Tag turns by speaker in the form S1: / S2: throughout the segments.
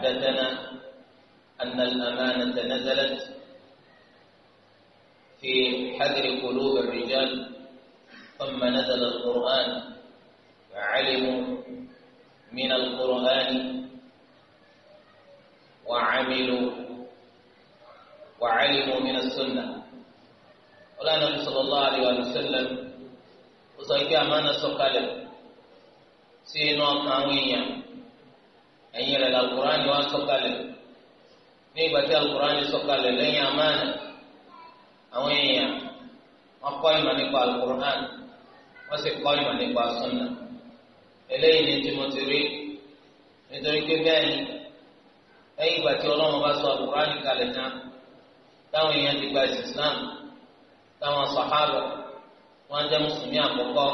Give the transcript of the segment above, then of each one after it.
S1: حدثنا أن الأمانة نزلت في حذر قلوب الرجال ثم نزل القرآن فعلموا من القرآن وعملوا وعلموا من السنة ولا النبي صلى الله عليه وسلم وصيكي أمانة سقالب سينوا أمامية ẹ̀yìn rẹ̀ làlùkùránì wá sọ̀kalẹ̀ ní ìgbà tí àlùkùránì sọ̀kalẹ̀ lẹ́yìn àmánà àwọn èèyàn wọ́n kọ́ ìmọ̀ nípa àlùkùránì wọ́n sì kọ́ ìmọ̀ nípa súnà eléyìí ni tí mo ti rí nítorí pé bẹ́ẹ̀ ni lẹ́yìn ìgbà tí ọlọ́run bá sọ àlùkùránì kalẹ̀ tán táwọn èèyàn ti gba ìsìlám táwọn sàhábà wọ́n jẹ́ mùsùlùmí àkọ́kọ́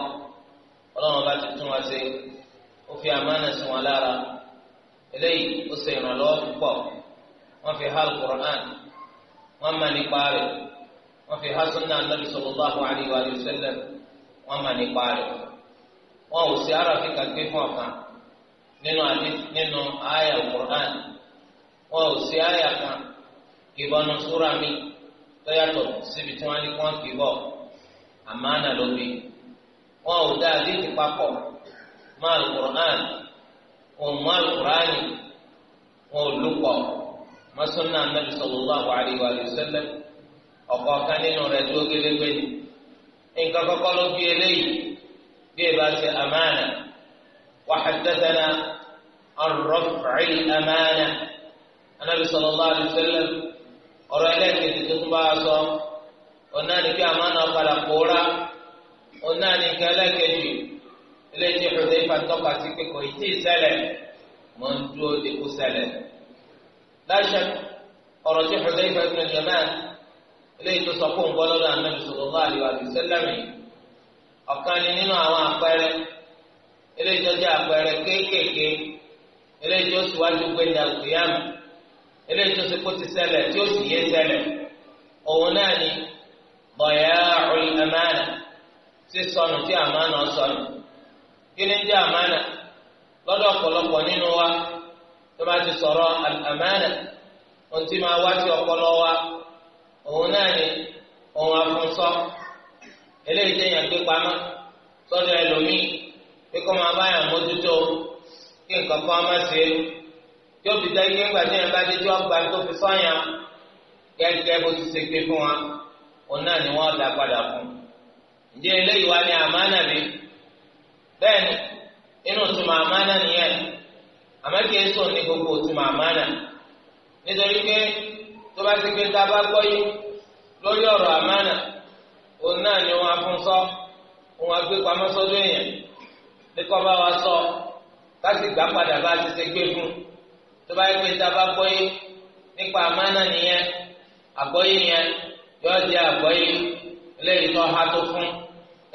S1: ọlọ́run bá ti tún wa ṣe ó fi àmánà sí wọn lára eléyìí ó ṣe ìrànlọ́wọ́ púpọ̀ wọ́n fi ha alukur'an wọ́n mà nípa rẹ̀ wọ́n fi ha sunna anabi sallallahu alayhi wa sallam wọ́n mà nípa rẹ̀ wọ́n ò sí arafi kàgbé fún ọ̀kan nínú àdí nínú àyà alukur'an wọ́n ò sí àyà kan ìbọnú súra mi tó yàtọ̀ síbi tí wọ́n ní kí wọ́n kì bọ̀ àmàna lóbi wọ́n ò dá àdí ti papọ̀ mọ́ alukur'an wọn mú alukurani wọn ò lùkọ masọ́nà anabi sallallahu alayhi wa sallam ọ̀kọ́ kan nínú rẹ̀ tó gélégbé ni nǹkan kọ́kọ́ ló bí eléyìí bí ẹ bá ṣe amánà wàhádàtàna arọ́fàì amánà anabi sallallahu alayhi wa sallam ọ̀rọ̀ ẹlẹ́kẹ̀ẹ́ tó tún bá a sọ ọ̀nà ni kí amánà padà kóra ọ̀nà ni kí ẹlẹ́kẹ̀ẹ́ ilé tí ìfọdé ifá tọ́ka sí pé kò tí ì ṣẹlẹ̀ mọ̀ ń dúró de kó ṣẹlẹ̀. láṣẹ ọ̀rọ̀ tí ìfọdé ifá ibn al-Yaman ilé tó sọ fún gbọ́ lọ́dọ̀ Ànábì sallallahu alaihi wa sallam ọ̀kan ni nínú àwọn àpẹẹrẹ ilé tó jẹ́ àpẹẹrẹ kéékèèké ilé tó síwájú gbé ní àgbéyàmù ilé tó sì kó ti ṣẹlẹ̀ tí ó kíni ndị amana lọdọ ọ̀pọ̀lọpọ̀ nínú wa tó bá ti sọ̀rọ̀ àmánà ohun ti máa wá sí ọpọlọ wa òun náà ni òun afúnṣọ eléyìí téèyàn gbé pamọ́ sọ́dọ̀ ẹlòmíì pé kó máa báyà mójútó kí nǹkan kan má ṣe é fi dá ike ńgbà téèyàn bá dé tí wọ́n gba tó fi sọ́yà bó ti ṣe gbé fún wa ní bẹ́ẹ̀ni inú ìtumọ̀ àmánà nìyẹn àmọ́ kí èso ní gbogbo ìtumọ̀ àmánà nítorí pé tó bá ti gbé tá a bá yìí lórí òun náà ni wọn fún sọ òun agbé pamọ́ sọ́dọ̀ èèyàn bí kò bá wa sọ láti gbà padà bá ti ṣe gbé fún tó bá yẹ tá a bá gbọ́ yìí nípa nìyẹn yẹn tó ha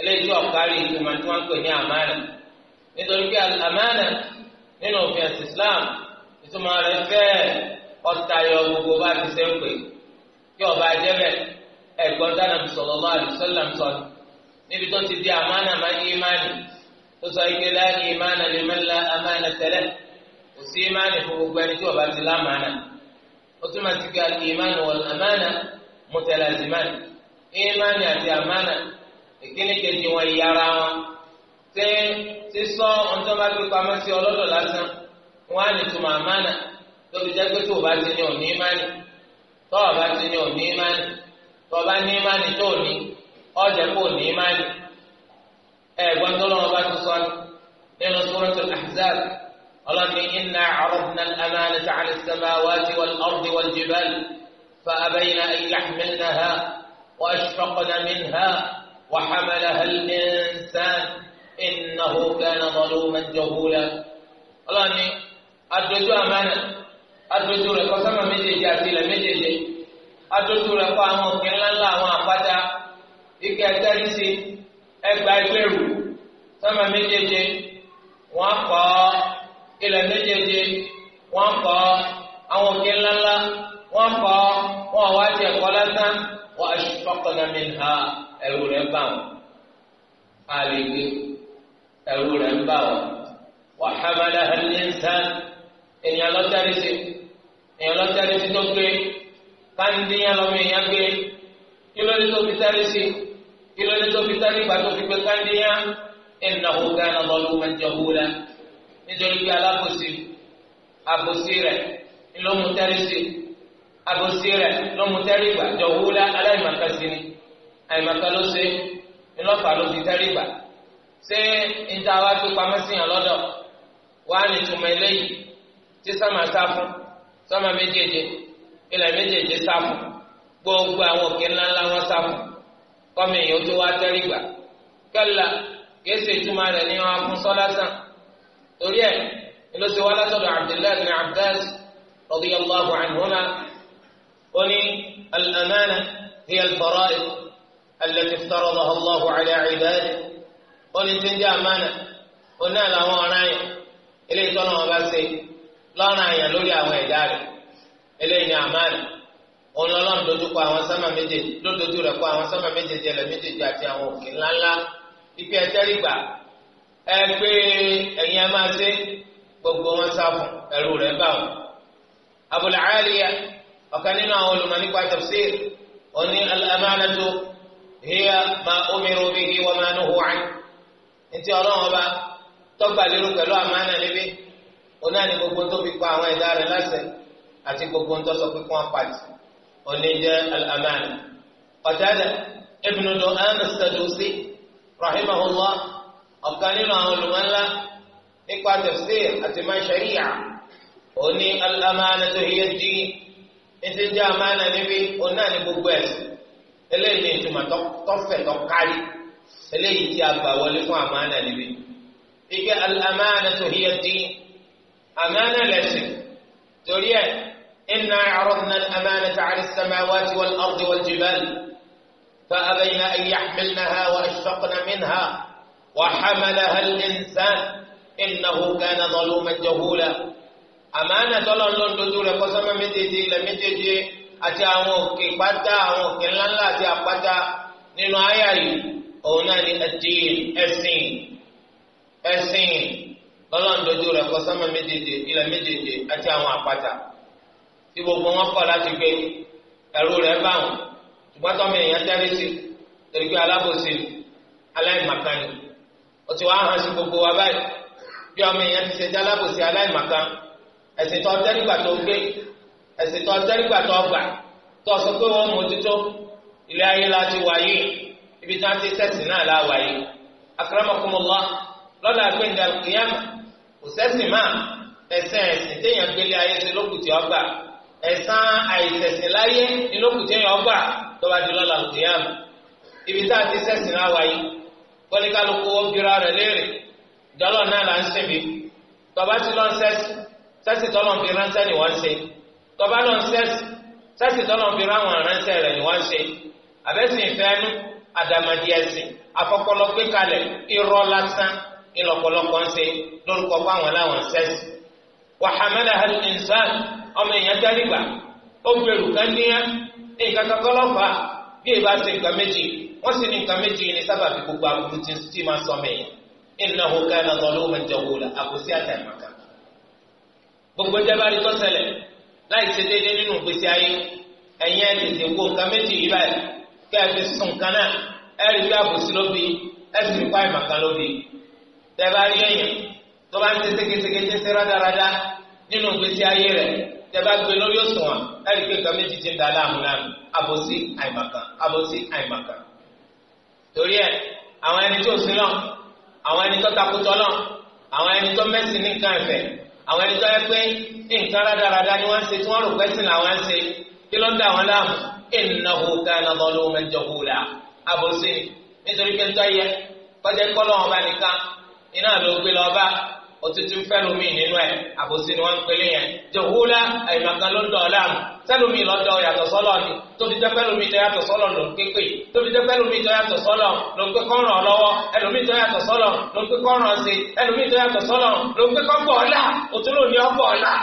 S1: eléyìí tó ọ̀kárí ìgbìmọ̀ tí wọ́n ń pè ní àmánà nítorí pé àmánà nínú òfin ẹ̀sìn Islam ìtumọ̀ rẹ̀ fẹ́ẹ̀ ọ̀tayọ̀ gbogbo bá ti ṣe ń pè kí ọba jẹ́bẹ̀ ẹ̀gbọ́n dáná sallallahu alaihi wasallam níbi tó ti di àmánà máa ní ìmánì tó sọ ike láàyè ìmánà lè mẹ́la àmánà tẹ́lẹ̀ kò sí ìmánì fún gbogbo ẹni tí ọba ti lámánà ó túmọ̀ sí pé ìmánì ìmánì àti ìpínlẹ̀ kejì wọn ìyára wọn ṣé sísọ ohun tó bá gbé pamọ́ sí ọlọ́dọ̀ lásán wọn á ní túmọ̀ àmánà lórí jẹ́ pé tó o bá ti ní òní ìmánì tó o bá ti ní òní ìmánì tó o bá ní ìmánì tó o ní ọjà kó o ní ìmánì ẹ̀gbọ́n tó lọ́wọ́ bá ti sọ nínú Suratul Ahzab ọlọ́ni iná àrùbùnà àmàlẹ́ sàcàlẹ́ sàmáwájú wọn ọ̀rùn wọn jìbẹ́lì fa abẹ́yìn náà ẹ̀yà mẹ́lẹ́ náà wọ́n aṣọ́kọ̀dá mẹ́lẹ́ náà. وحملها الإنسان إنه كان ظلوما جهولا الله أني أدرجو أمانة لك وسمى مجلجي أسيلة مجلجي أدرجو لك وأمو كلا الله وأفتا ike ẹtẹrisi ẹgba ẹgbẹ̀rú sánmà méjèèje wọn kọ ilẹ̀ méjèèje wọn kọ àwọn òkè ńláńlá wọn kọ wọn wa ashfaqna minha ẹ̀rù rẹ̀ bà wọ́n àlègbè ẹ̀rù rẹ̀ ń bà wọ́n wa hamalaha al-insan èèyàn lọ́tẹ́rì sí èèyàn lọ́tẹ́rì sí tó gbé káńdínyàn lọ́mọ èèyàn gbé kí ló dé tó fi tẹ́rì sí kí ló dé tó fi tẹ́rì ìgbà tó fi gbé káńdínyàn innahu kana zaluman jahula nítorí pé alábòsí àbòsí rẹ̀ ńlọmú tẹ́rì sí àbòsí rẹ̀ ló mú tẹ́rì gbà jọ wúlá aláìmọ̀ká sí ni àìmọ̀ká ló ṣe ńlọ́fà ló fi tẹ́rì gbà ṣé níta wá tó pamọ́ sí yàn lọ́dọ̀ wá ní ìtumọ̀ eléyìí tí sọ́mà sá fún sọ́mà méjèèjì ilẹ̀ méjèèjì sá fún gbogbo àwọn òkè ńláńlá wọn sá fún kọ́mi èèyàn tó wá tẹ́rì gbà kẹ́lá kìí wọn fún sọ́lá torí ẹ̀ ńlọ́sẹ̀ wá látọ̀dọ̀ Abdullahi bin Abbas radiyallahu anhuma. قل الأمانة هي الفرائض التي افترضها الله على عباده قل تنجي أمانة قلنا لا وعناية إليه تنوى باسي لا عناية لولي أهو إداري إليه أمانة قلنا لن دوجوكو أهو سما مجي لن دوجوكو أهو سما مجي جل مجي جاتي أهو كلا لا ipe ẹtẹrí gbà ẹ pé ẹyin ẹ máa ṣe gbogbo wọn sáfún ẹrù ọ̀kan nínú àwọn olùmọ̀ nípa tafsir ó ní al-amanatu hiya ma umiru bihi wa ma nuhu anhu ntí ọlọ́run ọba tọ́gbà lérò pẹ̀lú àmánà níbí oní àní gbogbo tó fi pa àwọn ẹ̀dá rẹ̀ láṣẹ àti gbogbo ń tọ́sọ pé kí wọ́n pàtì oní jẹ́ al-amana Qatada ibn Du'am as ọ̀kan nínú àwọn olùmọ̀ńlá nípa tafsir àti máa oní al hiya ad ètò ìjà àmàna níbi òun náà ní gbogbo ẹ̀sìn eléyìí ní ìtumọ̀ tọ́fẹ̀ tọ́kárí eléyìí tí a gbà wọlé fún àmàna níbi ike na tó hiya dín àmàna lẹ́sìn torí ẹ̀ إنا عرضنا الأمانة ha السماوات والأرض والجبال فأبين أن يحملنها وأشفقن منها وحملها الإنسان إنه كان ظلوما جهولا àmàánà tọ́lọ̀ ń lọ dodo rẹ̀ kọ́ sánmà méjèèjì ilẹ̀ méjèèjì àti àwọn òkè pátá àwọn òkè ńláńlá àti àpáta nínú àyà yìí òun náà ni ẹ̀dín ẹ̀sìn ẹ̀sìn tọ́lọ̀ ń dodo rẹ̀ kọ́ sánmà méjèèjì ilẹ̀ méjèèjì àti àwọn tí gbogbo wọn kọ̀ láti gbé rẹ̀ bá wọn èèyàn tẹ́lẹ̀ sí torí pé ẹ̀sìn tó tẹ́rígbà tó gbé ẹ̀sìn tó tẹ́rígbà tó gbà tó sọ pé wọ́n mójútó ilé ayé la ti wáyé ibi tí wọ́n ti sẹ́sìn náà la wáyé akramakumullah lọ́dà gbẹ̀ngà kìyàmù kò sẹ́sìn máa ẹ̀sìn ẹ̀sìn téèyàn gbélé ayé ṣe lókùtì ọgbà ẹ̀sán àìsẹ̀sìn láyé ni lókùtì ẹ̀yàn ọgbà tó bá di lọ́dà kìyàmù ibi tí wọ́n ti sẹ́sìn náà wáyé kọ́líkálukú ó gbéra rẹ̀ léèrè dọ́lọ́ náà là ń sìn bàbá ti lọ́ ń sẹ́sì tọ́lọ̀ fi ránṣẹ́ ni wọ́n ṣe tọ́ba lọ sẹ́sì sẹ́sì tọ́lọ̀ fi ráwọn ránṣẹ́ rẹ̀ ni wọ́n ṣe àbẹ́sìn ìfẹ́nu àdàmàdì ẹ̀sìn afọ́pọ́lọ́ gbé kalẹ̀ irọ́ lásán ìlọ̀pọ̀lọpọ̀ ń ṣe lórúkọ fáwọn láwọn sẹ́sì. wàhámẹ́lẹ̀ ẹ̀sán ọmọ èèyàn járígbà ó gbèrú kánníyà ní nǹkan kankọlọ́fà bí ìbá ṣe nǹkan méjì wọ́n sì ní nǹkan méjì gbogbo jẹbaari tó ṣẹlẹ̀ láì ṣe déédéé nínú ìgbésí ayé ẹ̀yin ẹ tètè wo nǹkan méjì yìí báyìí kí ẹ fi sùn nǹkan náà ẹ rí bí àbòsí ló bí ẹ sì rí páì màkà ló bí jẹbaari èèyàn tó bá ń ṣe ségesège ṣe ṣe rádaràda nínú ìgbésí ayé rẹ̀ jẹba gbé lórí òṣùwọ̀n ẹ rí pé nǹkan méjì ti ń da láàmú láàmú àbòsí àìmàkà àbòsí àìmàkà torí ẹ àwọn ẹni tó sí náà àwọn ẹni tó takùtọ náà àwọn ẹni tó mẹsìn ní nǹkan ẹ̀fẹ̀ àwọn ẹni tó yẹ pé nǹkan rádaràda ni wọ́n ń ṣe tí wọ́n rò pẹ́sìn làwọn ń ṣe kí ló ń da àwọn láàmú innahu kana zaluman jahula àbòsí nítorí pé ń tọ́ yẹ kọjá kọ́lọ́ ọba nìkan iná ló gbé lọ́ba òtútù fẹ́lómi nínú ẹ̀ àbòsí ni wọ́n ń pele yẹn jòhúlá àyìnbàkan ló dọ̀ ọ́láàmù sẹ́lómi lọ́dọ̀ yàtọ̀ sọ́lọ̀ ni tóbi jẹ́ fẹ́lómi tó yàtọ̀ sọ́lọ̀ ló ń képe tóbi jẹ́ fẹ́lómi tó yàtọ̀ sọ́lọ̀ ló ń pé kọ́ràn lọ́wọ́ ẹlòmí tó yàtọ̀ sọ́lọ̀ ló ń pé kọ́ràn ṣe ẹlòmí tó yàtọ̀ sọ́lọ̀ ló ń pé kọ́bọ̀ ọ̀la òtúlò ní ọ̀bọ̀ ọ̀la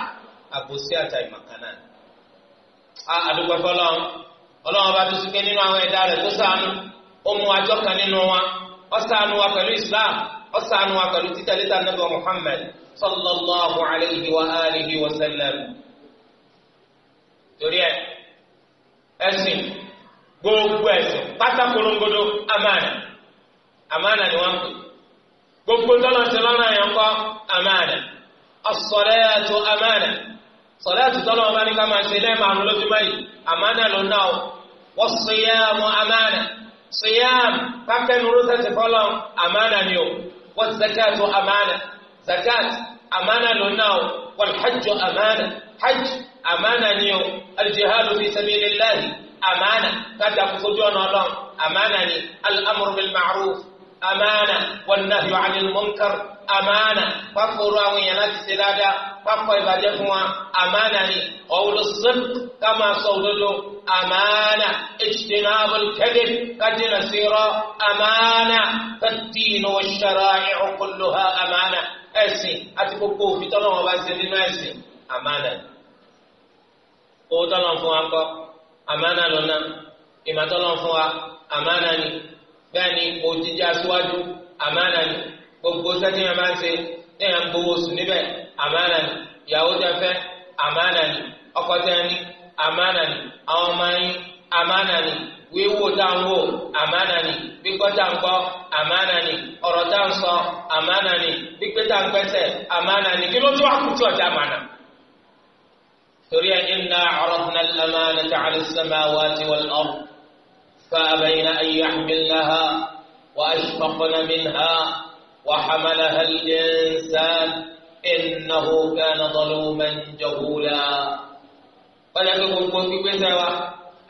S1: àbòsí àtàyìnbàkan náà. a àdúgbò fọlọ́n ọlọ́run bá tún sí pé nínú àwọn ẹ̀dá rẹ̀ tó ṣàánú ọ̀sánù wa pẹ̀lú títẹ̀lé ta nàbẹ̀ Muhammad sallallahu alayhi wa alihi wa sallam. torí ẹ ẹsìn gbogbo ẹsìn pátákólóńgodo amánà amánà ni wọn pè gbogbo tọ́lọ̀ ṣe lọ́nà yẹn kọ́ amánà as-salatu amánà sọ̀láàtù tọ́lọ̀ ọba ní ká máa ṣe lẹ́ẹ̀ márùn lójúmọ́ yìí amánà ló ná o was-siyamu amánà siyam kákẹ́nu rúṣẹ́sì fọ́lọ́ amánà ni o. والزكاة أمانة زكاة أمانة لناو والحج أمانة حج أمانة نيو الجهاد في سبيل الله أمانة كذا فجوان الله أمانة ني. الأمر بالمعروف أمانة والنهي عن المنكر أمانة فقروا ينات سلادة فقوا يبادفوا أمانة قول الصدق كما صولوا أمانة اجتناب الكذب قد سيرا أمانة فالدين والشرائع كلها أمانة أسي أتبقوا في طلوع وأسلم أسي أمانة أوتلون فوانكو أمانة لنا إما تلون فوا أمانة بني أوتجا سواجو أمانة gbogbo sẹ́tì yẹn máa ń ṣe ẹ̀yàn gbowó sùn níbẹ̀ àmánà àmánà ni àwọn ọmọ yín àmánà ni wíwò tá à ń wò àmánà ni gbígbọ́ tá à ń gbọ́ àmánà ni ọ̀rọ̀ tá à ń sọ àmánà ni gbígbé tá à ń gbẹ́sẹ̀ àmánà ni kí ló tún àkùtù ọ̀tá àmánà. torí ẹ̀ inna arafna al-amanata ala as-samawati wal-ard فأبين أن يحملنها وأشفقن منها وحملها الإنسان إنه كان ظلوما جهولا kọjá pé gbogbo gbígbésẹ̀ wa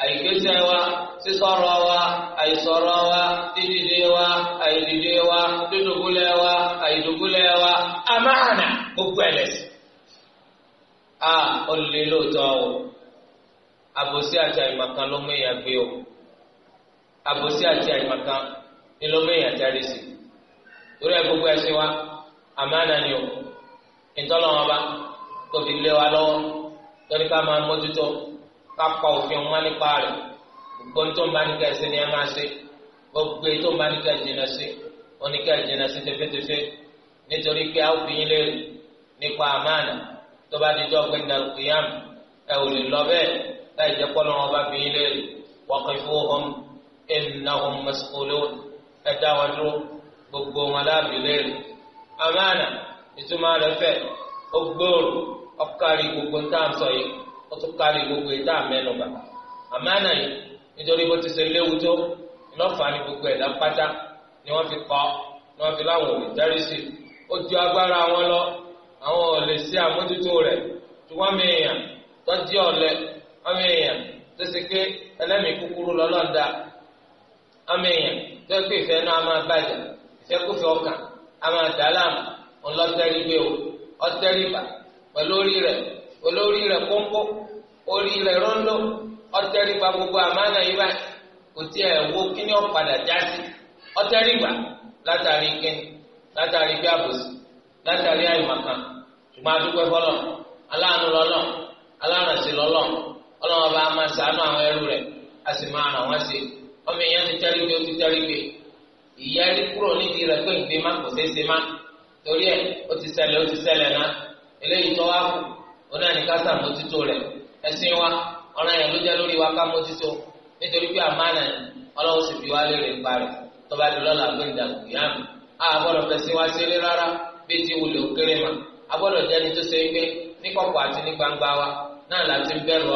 S1: àìgbésẹ̀ wa sísọ̀rọ̀ wa àìsọ̀rọ̀ wa dídìde wa àìdìde wa dídùbúlẹ̀ wa àìdùbúlẹ̀ wa àmàna gbogbo ẹlẹ́sìn. a ò lóòótọ́ o àbòsí àti àìmọ̀kan ló mú èèyàn gbé o àbòsí àti àìmọ̀kan ni ló mú èèyàn jáde sí torí ẹ gbogbo ẹ̀sìn wa àmàna ni o ìtọ́lọ́wọ́n bá tó lé wa lọ́wọ́ lórí ká máa mójútó ká pa òfin ọmọ nípa rẹ̀ gbogbo tó ń bá ní kẹsí ni ẹ máa ṣe gbogbo tó ń bá ní kẹsí jìnnà sí oníkẹ jìnnà sí tẹfẹtẹfẹ nítorí pé a ó fi yín léèrè nípa àmàna tó bá di jọ pé nàìjíríà ẹ ò lè lọ bẹ́ẹ̀ láì jẹ́ pọ́ lọ́wọ́ bá fi yín léèrè waqifuhum innahum mas'ulun ẹ dá wọn dúró gbogbo wọn láàbì léèrè àmàna ìtumọ̀ rẹ̀ fẹ̀ ó gbòòrò. ọkàrí gbogbo ntá sọ yìí ó tún kárí gbogbo ìta mẹ́nubà àmánà yìí nítorí bó ti ṣe léwu tó ní gbogbo ẹ̀dá pátá ni wọ́n fi kọ́ ni wọ́n fi láwọn dárí sí ó ju agbára wọn lọ àwọn ò lè àmójútó rẹ̀ tí wọ́n mi èèyàn tọ́jú ọ̀lẹ wọ́n mi èèyàn tó ṣe pé ẹlẹ́mìí kúkúrú lọ́lọ́dà wọ́n mi èèyàn tó ṣe pé ìfẹ́ náà máa bàjẹ́ pẹ̀lú orí rẹ̀ olórí rẹ̀ kónkó orí rẹ̀ rọ́ńdó ọ̀tẹ́rìgbà gbogbo àmánà yìí báyìí kò tí ẹ̀ wo kíní ọ̀padà jásí ọ̀tẹ́rìgbà látàrí kíní látàrí bí àbòsí látàrí àyùmọ̀kan ṣùgbọ́n adúgbò fọlọ́ aláàánú lọ́lọ́ lọ́lọ́ ọlọ́wọ́n bá máa àwọn ẹrú a sì máa ràn wọ́n ṣe ọmọ èèyàn ti tẹ́rígbé ó ti tẹ́rígbé ìyá ẹni kúrò nídìí rẹ̀ pé ìgbé má kò má torí ti eléyìí tó wá kù òun náà ní ká sàmójútó rẹ̀ wa ọ̀ràn yẹn ló lórí wa ká mójútó nítorí pé àmánà ni ọlọ́run sì fi wá léèrè ń parẹ́ tó lọ́la a fẹsẹ̀ wá sí rárá ti òkèrè tó ṣe ní àti ní gbangba wa náà bẹ̀rù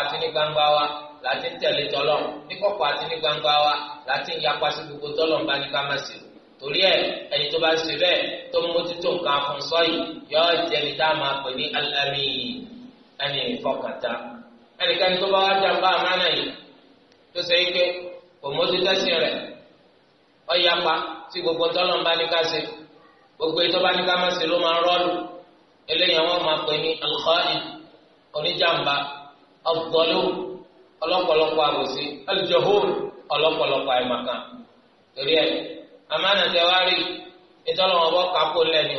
S1: àti ní gbangba wa tẹ̀lé gbogbo bá ní ká má torí ẹ ẹni tó bá ṣe bẹ́ẹ̀ tó mójútó nǹkan afúnṣọ yìí yọ jẹni tá a máa pè ní alámi ẹni ìfọkàntà ẹnikẹ́ni tó bá wá dá bá àmánà yìí tó ṣe ike kò mójútó sí rẹ̀ ọ yapa tí gbogbo tọ́lọ́n bá ní ká ṣe gbogbo ètò bá ní ká má ṣe ló máa rọ́ọ̀lù eléyàwó wọn máa pè ní alùkọ́ọ̀lì oníjàmbá ọ̀gbọ́lù ọlọ́pọ̀lọpọ̀ àbòsí alùjọ́hóòrù ọlọ́pọ̀lọpọ̀ àìmọ̀kan àmánà tẹ wá rí ìtọ́lọ́wọ́n bọ́ kápó lẹ́nu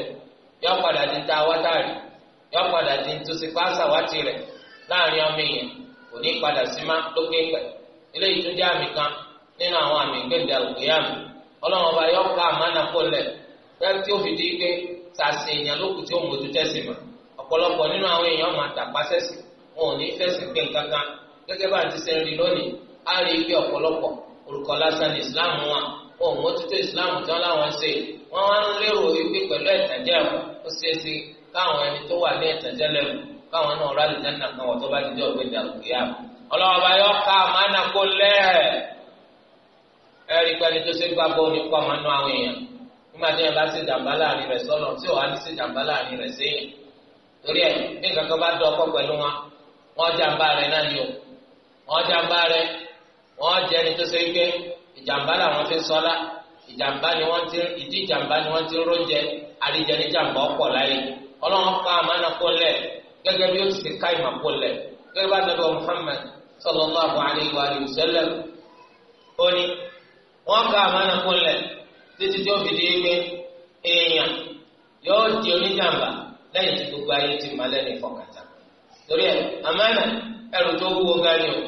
S1: yọ padà di ta wátàrí yọ padà di tó ti pa sàwátì rẹ̀ láàrin ọmọ èèyàn kò ní padà sí má lókè pẹ̀ eléyìí tún àmì kan nínú àwọn àmì gbẹ̀dẹ̀ òkèèyàmù ọlọ́wọ́n bá yọ ká àmánà kó lẹ̀ fẹ́ẹ́ tí ó fi di pé sàṣì èèyàn lókù tí ó mójú tẹ́sì mọ́ ọ̀pọ̀lọpọ̀ nínú àwọn èèyàn máa tàpá sẹ́sì wọn ibi ọ̀pọ̀lọpọ̀ orúkọ lásán ní wọn ò mójútó islam tán láwọn ṣe wọn wá ń lérò ibi pẹ̀lú ẹ̀tànjẹ́ àwọn ó ṣeéṣe káwọn ẹni tó wà ní ẹ̀tànjẹ́ lẹ́nu káwọn náà rálẹ̀ jẹ́nà kan na tó bá ti jẹ́ ọ̀gbẹ́ni àlùkìyà ọlọ́wọ́ bá yọ ká màánà kó lẹ́ ẹ̀rí pẹ́ni tó ṣe gbàgbọ́ ní kọ́ màánà àwọn èèyàn nígbà tí wọn bá ṣe jàǹbá láàrin rẹ̀ sọ́nà tí wọn á ní ṣe láàrin torí kankan bá ọkọ wọn wọn náà ni ìjàmbá làwọn fi sọlá ìjàmbá ni wọ́n ti ìdí ìjàmbá ni wọ́n ti ń róúnjẹ àríjẹ ní jàmbá ọ̀pọ̀ láyé ọlọ́run ká àmánà kó lẹ̀ gẹ́gẹ́ bí ó ti ká ìmọ̀ kó lẹ̀ gẹ́gẹ́ bá nàbẹ̀ Muhammad sallallahu alayhi wa sallam ó ní wọ́n ká àmánà kó lẹ̀ títí tí ó fi di pé èèyàn yóò di oníjàmbá lẹ́yìn tí gbogbo ayé ti má lẹ́nu ìfọkàtà torí ẹ̀ àmánà ẹrù tó wúwo gani o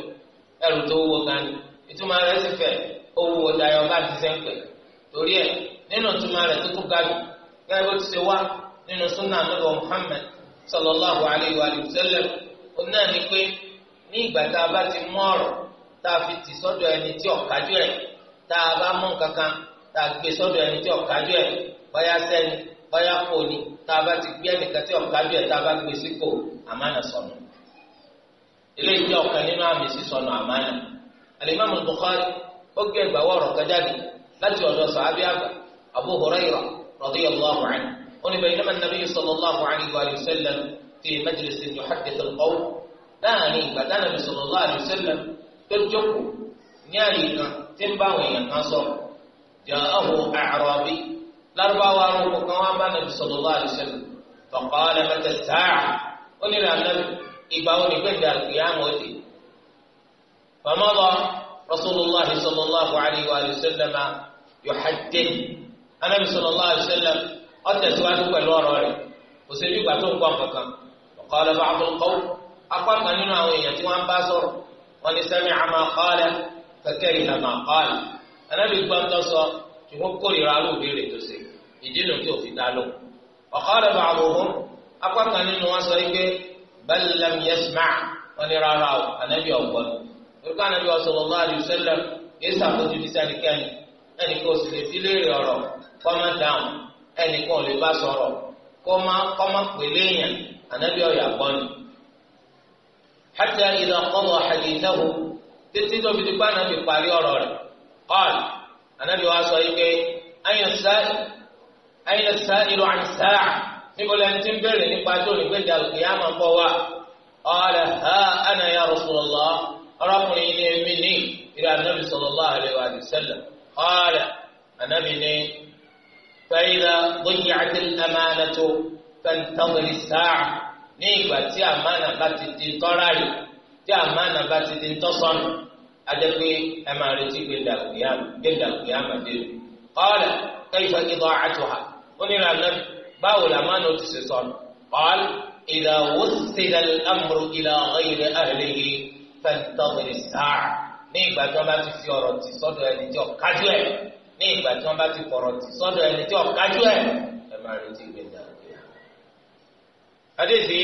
S1: ẹrù tó wúwo gani ìtumọ̀ rẹ̀ sì fẹ́ẹ́ owó ọ̀dàyọ̀ bá ti sẹ́ torí ẹ̀ nínú tụmarị rẹ̀ tó tún otu gẹ́gẹ́ ṣe wá nínú súnà sallallahu alayhi wa sallam ó náà ni pé ní ìgbà tá a bá ti mú ọ̀rọ̀ tá a fi tì sọ́dọ̀ ẹni tí ọ̀kájú ẹ̀ tá a bá mú kankan tá a gbé sọ́dọ̀ ẹni tí ọ̀kájú ẹ̀ sẹ́ni tá a bá ti gbé ẹnìkan tí ọ̀kájú ẹ̀ tá a bá gbé eléyìí jẹ́ ọ̀kan nínú àmì ó gé ìgbàwọ́ ọ̀rọ̀ kan jáde láti ọ̀dọ̀ sàábí àgbà Abu Hurairah radiyallahu anhu ó ní baynama an-nabiy sallallahu alayhi wa sallam fi majlisin yuhaddithu al-qawm láàrin ìgbà tánàbí sallallahu alayhi wa sallam tó jókòó ní àyè ìgbà wo ni gbẹ̀dẹ̀ àgbéyàmọ̀ dé. فمضى رسول الله صلى الله عليه وآله وسلم يحدث النبي صلى الله عليه وسلم أتى سؤالك الورع وسيدي بعتهم قام وقال بعض القوم أقام أننا وين وأن باسر وأن سمع ما قال فكره ما قال النبي قام تصر تقول يرالو بيري تسي يجينو في دالو وقال بعضهم أقام أننا وصيك بل لم يسمع وأن يرالو النبي أول olùkọ́ ànábi sallallahu alayhi wa sallam yéé sàkóso ti sẹ́nikẹ́ni ẹnìkan ò sì lè fi léèrè ọ̀rọ̀ kọ́má dáhùn ẹnìkan ò lè bá sọ̀rọ̀ kọ́má kọ́má pèlè yẹn ànábi ọ̀yà gbọ́ni. hatta idha qada hadithahu títí tó fi di pa ànábi parí ọ̀rọ̀ rẹ̀ qala ànábi wa sọ yìí pé ayna sa'il ayna sa'ilu an sa'a níbo lẹ́ni tí ń bèrè nípa tó ní gbẹ̀dẹ̀ àlùkìyàmà ń bọ̀ wá qala ha ana ọlọ́kùnrin ní ẹ̀mí ní ìrẹ anabi sallallahu alaihi wasallam ọ̀rẹ́ anabi ní fẹ́ẹ́dà gbọ́dọ̀ àti amáàlẹ́tò fẹ́ntàwìlì sáà ní ìgbà tí àmánà bá ti di tọ́ráyì tí àmánà bá ti di tọ́sọ́nù adẹ́pẹ́ ẹ máa retí gbẹ̀dàgbìyàmà dé ọ̀rẹ́ kayfa idaa'atuha ó ní ìrẹ anabi báwo làmánà ó ti ṣe sọnù ọ̀rẹ́ ìdàwó sílẹ̀ amúrú ìlà ọ̀rẹ́ ìlẹ̀ àhẹ́lẹ́yìí fẹ́ntọ́mìlì sáà ní ìgbà tí wọ́n bá ti fi ọ̀rọ̀ tì sọ́dọ̀ ẹni tí ọ̀kájú ẹ̀ ní ìgbà tí wọ́n bá ti fọ̀rọ̀ tì sọ́dọ̀ ẹni tí ọ̀kájú ẹ̀ ẹ máa retí gbẹ̀dà gbẹ̀dà. Adéṣe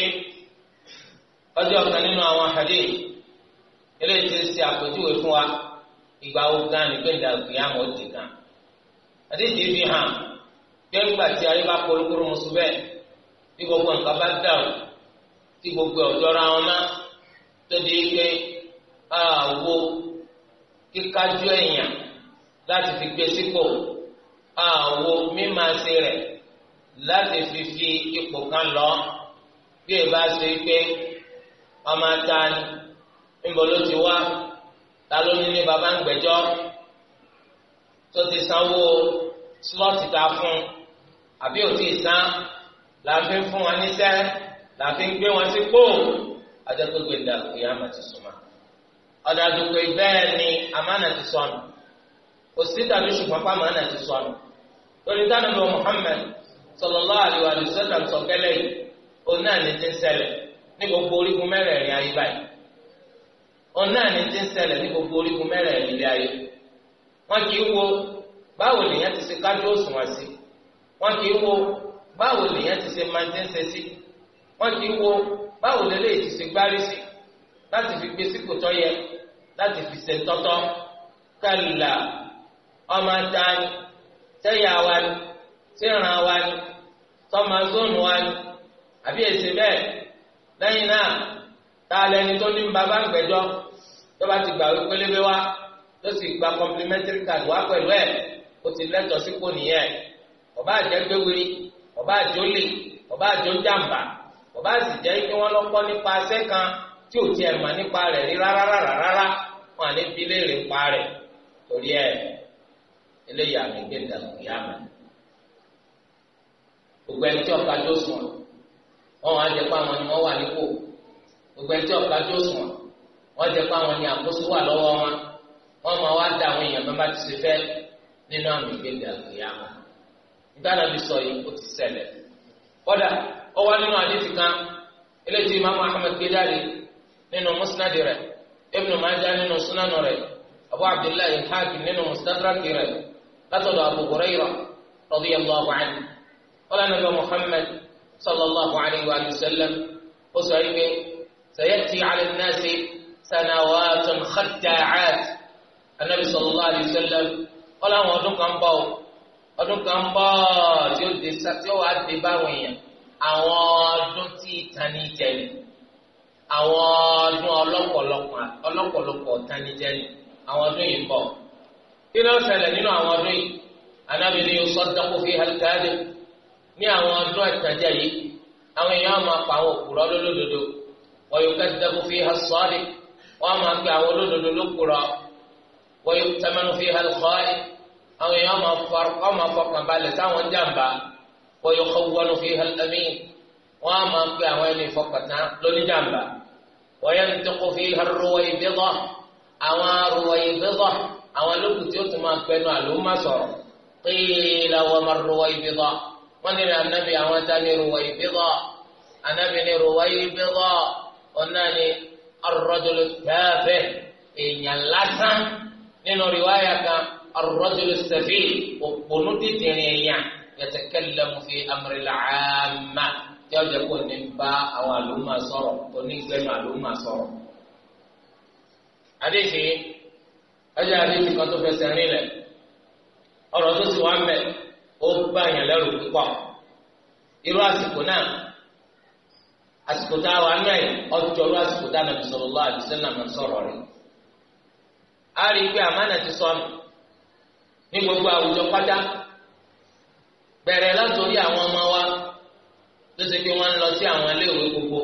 S1: ọjọ́ kan nínú àwọn àdé eléyìí ti ṣe àpèjúwe fún wa ìgbà wo gan ni gbẹ̀dà gbẹ̀dà mọ̀ ó ti gan. Adéṣe fi hàn bí ẹgbà tí ayé bá polúkúrú musu bẹ́ẹ̀ bí gbogbo nǹkan bá dàrú tí gbogbo ọ̀dọ́ra wọn má tó di pé àwo ah, kíkájú èèyàn láti fi gbé sípò àwo ah, mímáṣe rẹ̀ láti fi fi ipò kan lọ bí ẹ bá ṣe pé ọmọ ata ni níbo ló ti wá ta ló ní ní baba ń gbẹ́jọ́ tó ti sanwó slọọti ta fún àbí ò tí san là fún wọn níṣẹ́ là gbé wọn sípò àjẹpẹgbẹ ìdàgbé àmà ti sùnmọ́. ọ̀dàdù pé bẹ́ẹ̀ ni amánà ti sọnù kò tàbí ṣùgbọ́n pàmò ànà ti sọnù lórí tánàbọ̀ Muhammad sallallahu alaihi wa sallam sọ̀kẹ́lẹ̀ yìí òun náà ní ti ń ní gbogbo orígun mẹ́rẹ̀ẹ̀rin ayé báyìí òun náà ní ti ń ní gbogbo orígun mẹ́rẹ̀ẹ̀rin ilé ayé wọn kì í wo báwo lèèyàn ti ṣe kájú òṣùwọ̀n sí wọn kì í wo báwo láti fi gbé sípò tó yẹ láti fi ṣe tọ́tọ́ kálá ọmọ dání sẹ́yà wa ni sẹ́ràn wa ni tọ́mọ zónù wa ni àbí èsì bẹ́ẹ̀ lẹ́yìn náà tá a lẹni tó ní bàbá gbẹjọ́ tó bá ti gbà wí pélébé wa tó sì gba complimentary card wá pẹ̀lú ẹ̀ ó ti lẹ́tọ̀ọ́ sípò nìyẹn ọba àjẹgbéwiri ọba àjọlè ọba àjọjàmbá ọba àtijọ́ yìí kí wọ́n lọ́kọ́ nípa asẹ́ kan. tí ò tiẹ̀ mọ̀ nípa rẹ̀ rí rárá rárá rárá wọn à ní fi léèrè pa rẹ̀ torí ẹ̀ eléyìí àmì gbé ìdàgbò yá gbogbo ẹni tí ọ̀ka tó sùn wọn pé àwọn ni wọ́n wà nípò gbogbo ẹni tí ọ̀ka tó sùn sọ yìí ti kọ́dà wá nínú àdéhùn kan eléyìí tí gbé nínú musnadi rẹ̀ ibnu maja nínú sunanu rẹ̀ abu abdullahi hakim nínú mustadraki rẹ̀ látọ̀dọ̀ abu hurayra radiyallahu anhu wala nabi muhammad sallallahu alayhi wa sallam ó sọ yìí pé sayati ala nasi sanawatun khaddaat anabi sallallahu alayhi wa sallam wala àwọn ọdún kan bọ̀ ọdún kan bọ̀ tí ó wàá dé báwọn èèyàn àwọn ọdún tí ìtàn ní jẹ̀lẹ̀ àwọn ọdún ọlọ́pọ̀lọpọ̀ tanijẹ́ni àwọn ọdún yìí ń bọ̀. kí ló ṣẹlẹ̀ nínú àwọn ọdún yìí anábì ní sọ́dọ́kù fi hàlùkàdé ní àwọn ọdún ìtàjẹ́ yìí àwọn èèyàn máa pa àwọn òkúrọ̀ lólódodo wọ́n yóò kẹ́sìdẹ́kù fi hàṣọ́ọ̀dì wọ́n máa pe àwọn olódodo lókùrọ̀ wọ́n tẹ́mẹ́nu fi hàlùkọ́ọ̀dì àwọn èèyàn máa fọkàn balẹ̀ sáwọn jàǹbá wọ́n yóò kọ́wọ́nu fi hàlùkàmí wọ́n máa pe àwọn ẹni fọkàntán lóníjàǹbá. وينطق فيها الرويبضة àwọn رويبضة àwọn lókùn tí ó tún máa pẹnu àlùmọ́ sọ̀rọ̀ قيل وما الرويبضة wọ́n ní anabi àwọn ta ni رويبضة anabi ni رويبضة ọ̀nà ni الرجل التافه èèyàn lásán nínú riwaya kan الرجل السفيه òpònú títìrín èèyàn يتكلم في أمر العامة. tí ọjọ́ kò ní bá àwọn àlùmọ̀ sọ̀rọ̀ onígbẹ́nu àlùmọ̀ sọ̀rọ̀. Adéṣe ọjọ́ adéṣe kan tó fẹsẹ̀ rinlẹ̀ ọ̀rọ̀ tó wá ó bá yàn lẹ́rù púpọ̀. Irú àsìkò náà àsìkò tá a wà náà ọjọ́ irú àsìkò tá a nàbì sallallahu alaihi wasallam sọ̀rọ̀ rẹ̀. A rí pé ti ní gbogbo tó ṣe pé wọ́n ń lọ sí àwọn iléèwé gbogbo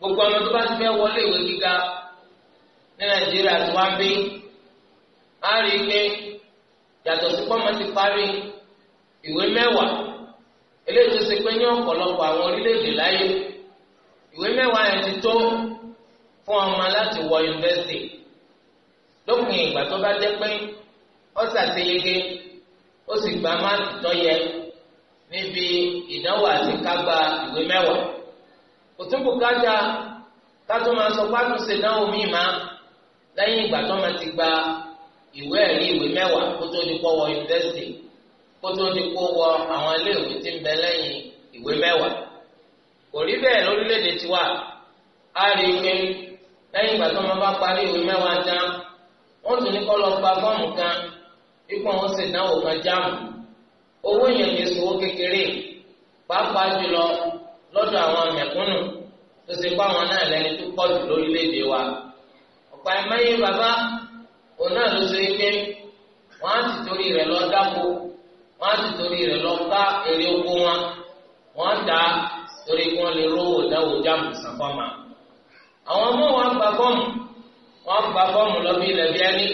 S1: gbogbo ọmọ tó bá ti fẹ́ wọlé ìwé gíga ní nàìjíríà tí wọ́n bí á rí i pé yàtọ̀ sí pọ́nmọ ti parí ìwé mẹ́wàá eléyìí tó ṣe pé ní ọ̀pọ̀lọpọ̀ àwọn orílẹ̀-èdè láyé ìwé mẹ́wàá yẹn ti tó fún ọmọ láti wọ yunifásitì lópin ìgbà tó bá jẹ́ pé ó ṣàṣeyege ó sì gba máàkì tó yẹ níbi ìdánwò àti kágbá ìwé mẹ́wàá òtún bùkátà kátó máa sọ pátó ṣe dánwò míì má lẹ́yìn ìgbà tó máa ti gba ìwé ẹ̀rí ìwé mẹ́wàá kó tó di kó wọ yunifásitì kó tó di kó wọ àwọn iléèwé tí ń bẹ lẹ́yìn ìwé mẹ́wàá kò rí bẹ́ẹ̀ lórílẹ̀‐èdè tiwa a rí i pé lẹ́yìn ìgbà tó máa bá parí ìwé mẹ́wàá tán wọ́n tún ní kó lọ gba fọ́ọ̀mù kan ikú àwọn ṣèdánwò kan jáàmù owó yẹn lè sòwò kékeré pàápàá jùlọ lọ́dọ̀ àwọn mẹ̀kúnnù tó ṣe kó àwọn náà lẹ́ni tó pọ̀ jù lórílẹ̀‐èdè wa ọ̀pá ẹ̀mẹ́yẹ bàbá òun náà ló ṣe pé wọ́n á ti torí rẹ̀ lọ dáko wọ́n á ti torí rẹ̀ lọ bá èrè oko wọn wọ́n dá torí kí wọ́n lè rówó dáwò jáàmù sàfọ́mà àwọn ọmọ wọn gba bọ́ọ̀mù wọ́n gba bọ́ọ̀mù lọ bí ilẹ̀ bí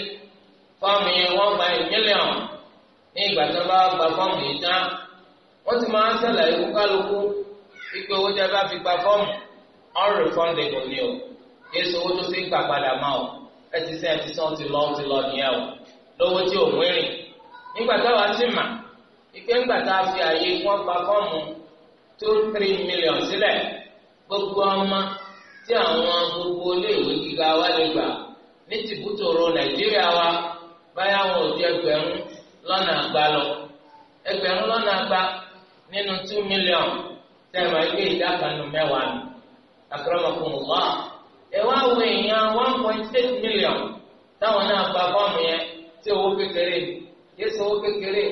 S1: fọ́ọ̀mù yẹn wọ́n gba ìmílíọ̀nù ní ìgbà tí wọ́n bá gba fọ́ọ̀mù yìí tán wọ́n ti máa ń ṣàlàyé fún kálukú wípé owó tí a bá fi gba fọ́ọ̀mù unrefundable ni o kí èso owó tó ṣe ń gbà padà máa o ẹ ti sẹ́yìn ti sàn ti lọ ti lọ nìyẹn o lówó tí òun rìn nígbà táwa sì mà wípé ńgbà tá a fi àyè wọn gba fọ́ọ̀mù two three million sílẹ̀ gbogbo ọmọ tí àwọn gbogbo iléèwé gíga wa lè gbà ní tìbútòrò nàìjíríà wa báyà wọn ò jẹ gbẹ̀rún lọ́nà àgbà lọ ẹgbẹ̀rún lọ́nà àgbà nínú two million tẹ̀wọ̀n ẹgbẹ́ ìdákanu mẹ́wàá ni akramakumullah ẹ wá wo èèyàn one point eight million táwọn náà gba fọ́ọ̀mù yẹn tí owó kékeré yéé sọ owó kékeré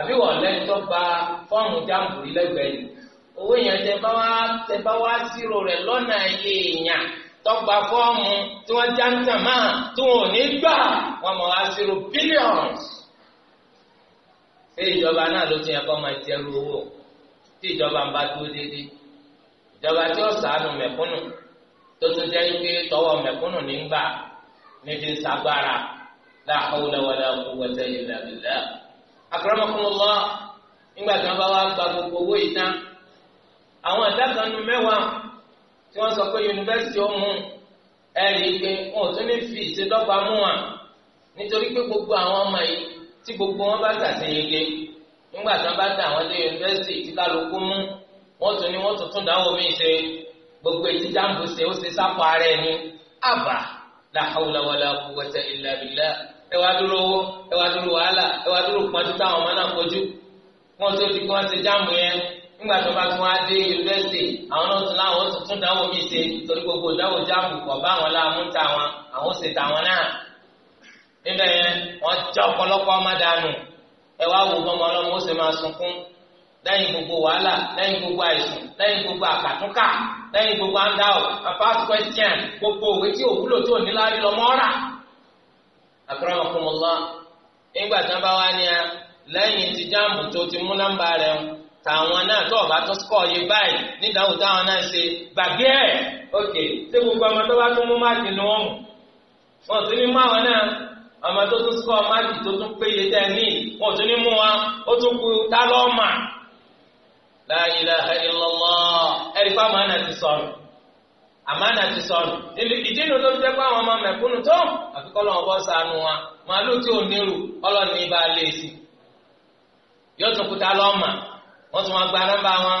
S1: àbí wọ́n lẹ́tọ́ gba fọ́ọ̀mù jáàmù rí lẹ́gbẹ̀ẹ́ yìí owó yẹn tẹ bá wá tẹ bá wá sírò rẹ lọ́nà ayé èèyàn tọgbà fọ́ọ̀mù tí wọ́n já ń tàn máa tí wọ́n ò ní gbà wọ́n mọ̀ wá sírò billions ṣé ìjọba náà ló ti yẹ kó máa jẹ irú owó tí ìjọba ń bá dúró déédéé ìjọba tí ó ṣàánú mẹ̀kúnnù tó tún jẹ́ pé tọwọ́ mẹ̀kúnnù nígbà níbi ń sagbára la hawla wala quwwata illa billah. akramakumullah nígbà tí wọ́n bá wá gba gbogbo owó yìí wọn ò tún ní fi ìṣèdọ́gba mú wa nítorí pé gbogbo àwọn ọmọ yìí tí gbogbo wọn bá ṣàṣeyege nígbà tí wọn bá dá àwọn dé yunifásitì tí kálukú mú wọn tún ní wọn tún tún dáwọ mí ṣe gbogbo ètí jáàmù ṣe ó ṣe sápò ara ẹni àbà la hawla wala quwwata illa billah ẹ wá dúró owó ẹ wá dúró wàhálà ẹ wá dúró pọ́njú táwọn ọmọ náà kojú wọn tó di kí wọn ṣe jáàmù yẹn nígbà tí wọn bá tún wá dé yunifásitì àwọn náà tún láwọn tún tún dáwọ mí ṣe torí gbogbo dáwọ jáàmù kọ níbẹ̀ yẹn wọ́n já ọ̀pọ̀lọpọ̀ ọmọ dànù ẹ wá wò bọ́mọ ọlọ́mọ ó sì máa sunkún lẹ́yìn gbogbo wàhálà lẹ́yìn gbogbo àìsàn gbogbo àkàtúnkà gbogbo papa, question gbogbo òwe tí òwúlò tó nígbà tí wọ́n bá wá a lẹ́yìn ti jáàmù tó ti mú nọ́mbà rẹ̀ ń náà tó yé báyìí nídàáwó ọmọ tó tún sọ máàkì tó tún péye tẹ ní wọn ò tún ní mú wa ó tún kú tá lọ́ọ́ mà la ilaha illallah ẹ̀rí fáwọn àmàna ti sọ̀rọ̀ àmàna ti sọ̀rọ̀ ìdí inú tó ń jẹ́ àwọn ọmọ mẹ̀kúnnù tó àfikọ́ lọ́wọ́ bọ́ sànù wa màálù tí ò nírù ọlọ́ọ̀ni bá lé sí yóò tún kú wọ́n tún wá gba nọ́mbà wọn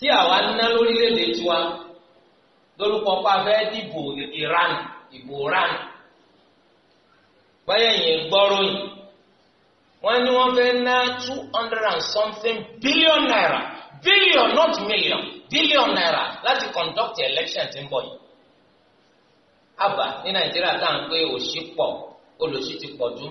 S1: tí àwa ná lórílẹ̀‐èdè tiwa lórúkọ pa fẹ́ dìbò Iran ìbò Iran báyẹn yẹn gbọ́rọ̀ wọ́n ní wọ́n fẹ́ ná two hundred and something billion naira billion not million billion naira láti conduct election tí ń bọ̀ yìí àbá ní Nàìjíríà tá à ń pé òṣì pọ̀ olùsí ti pọ̀ jù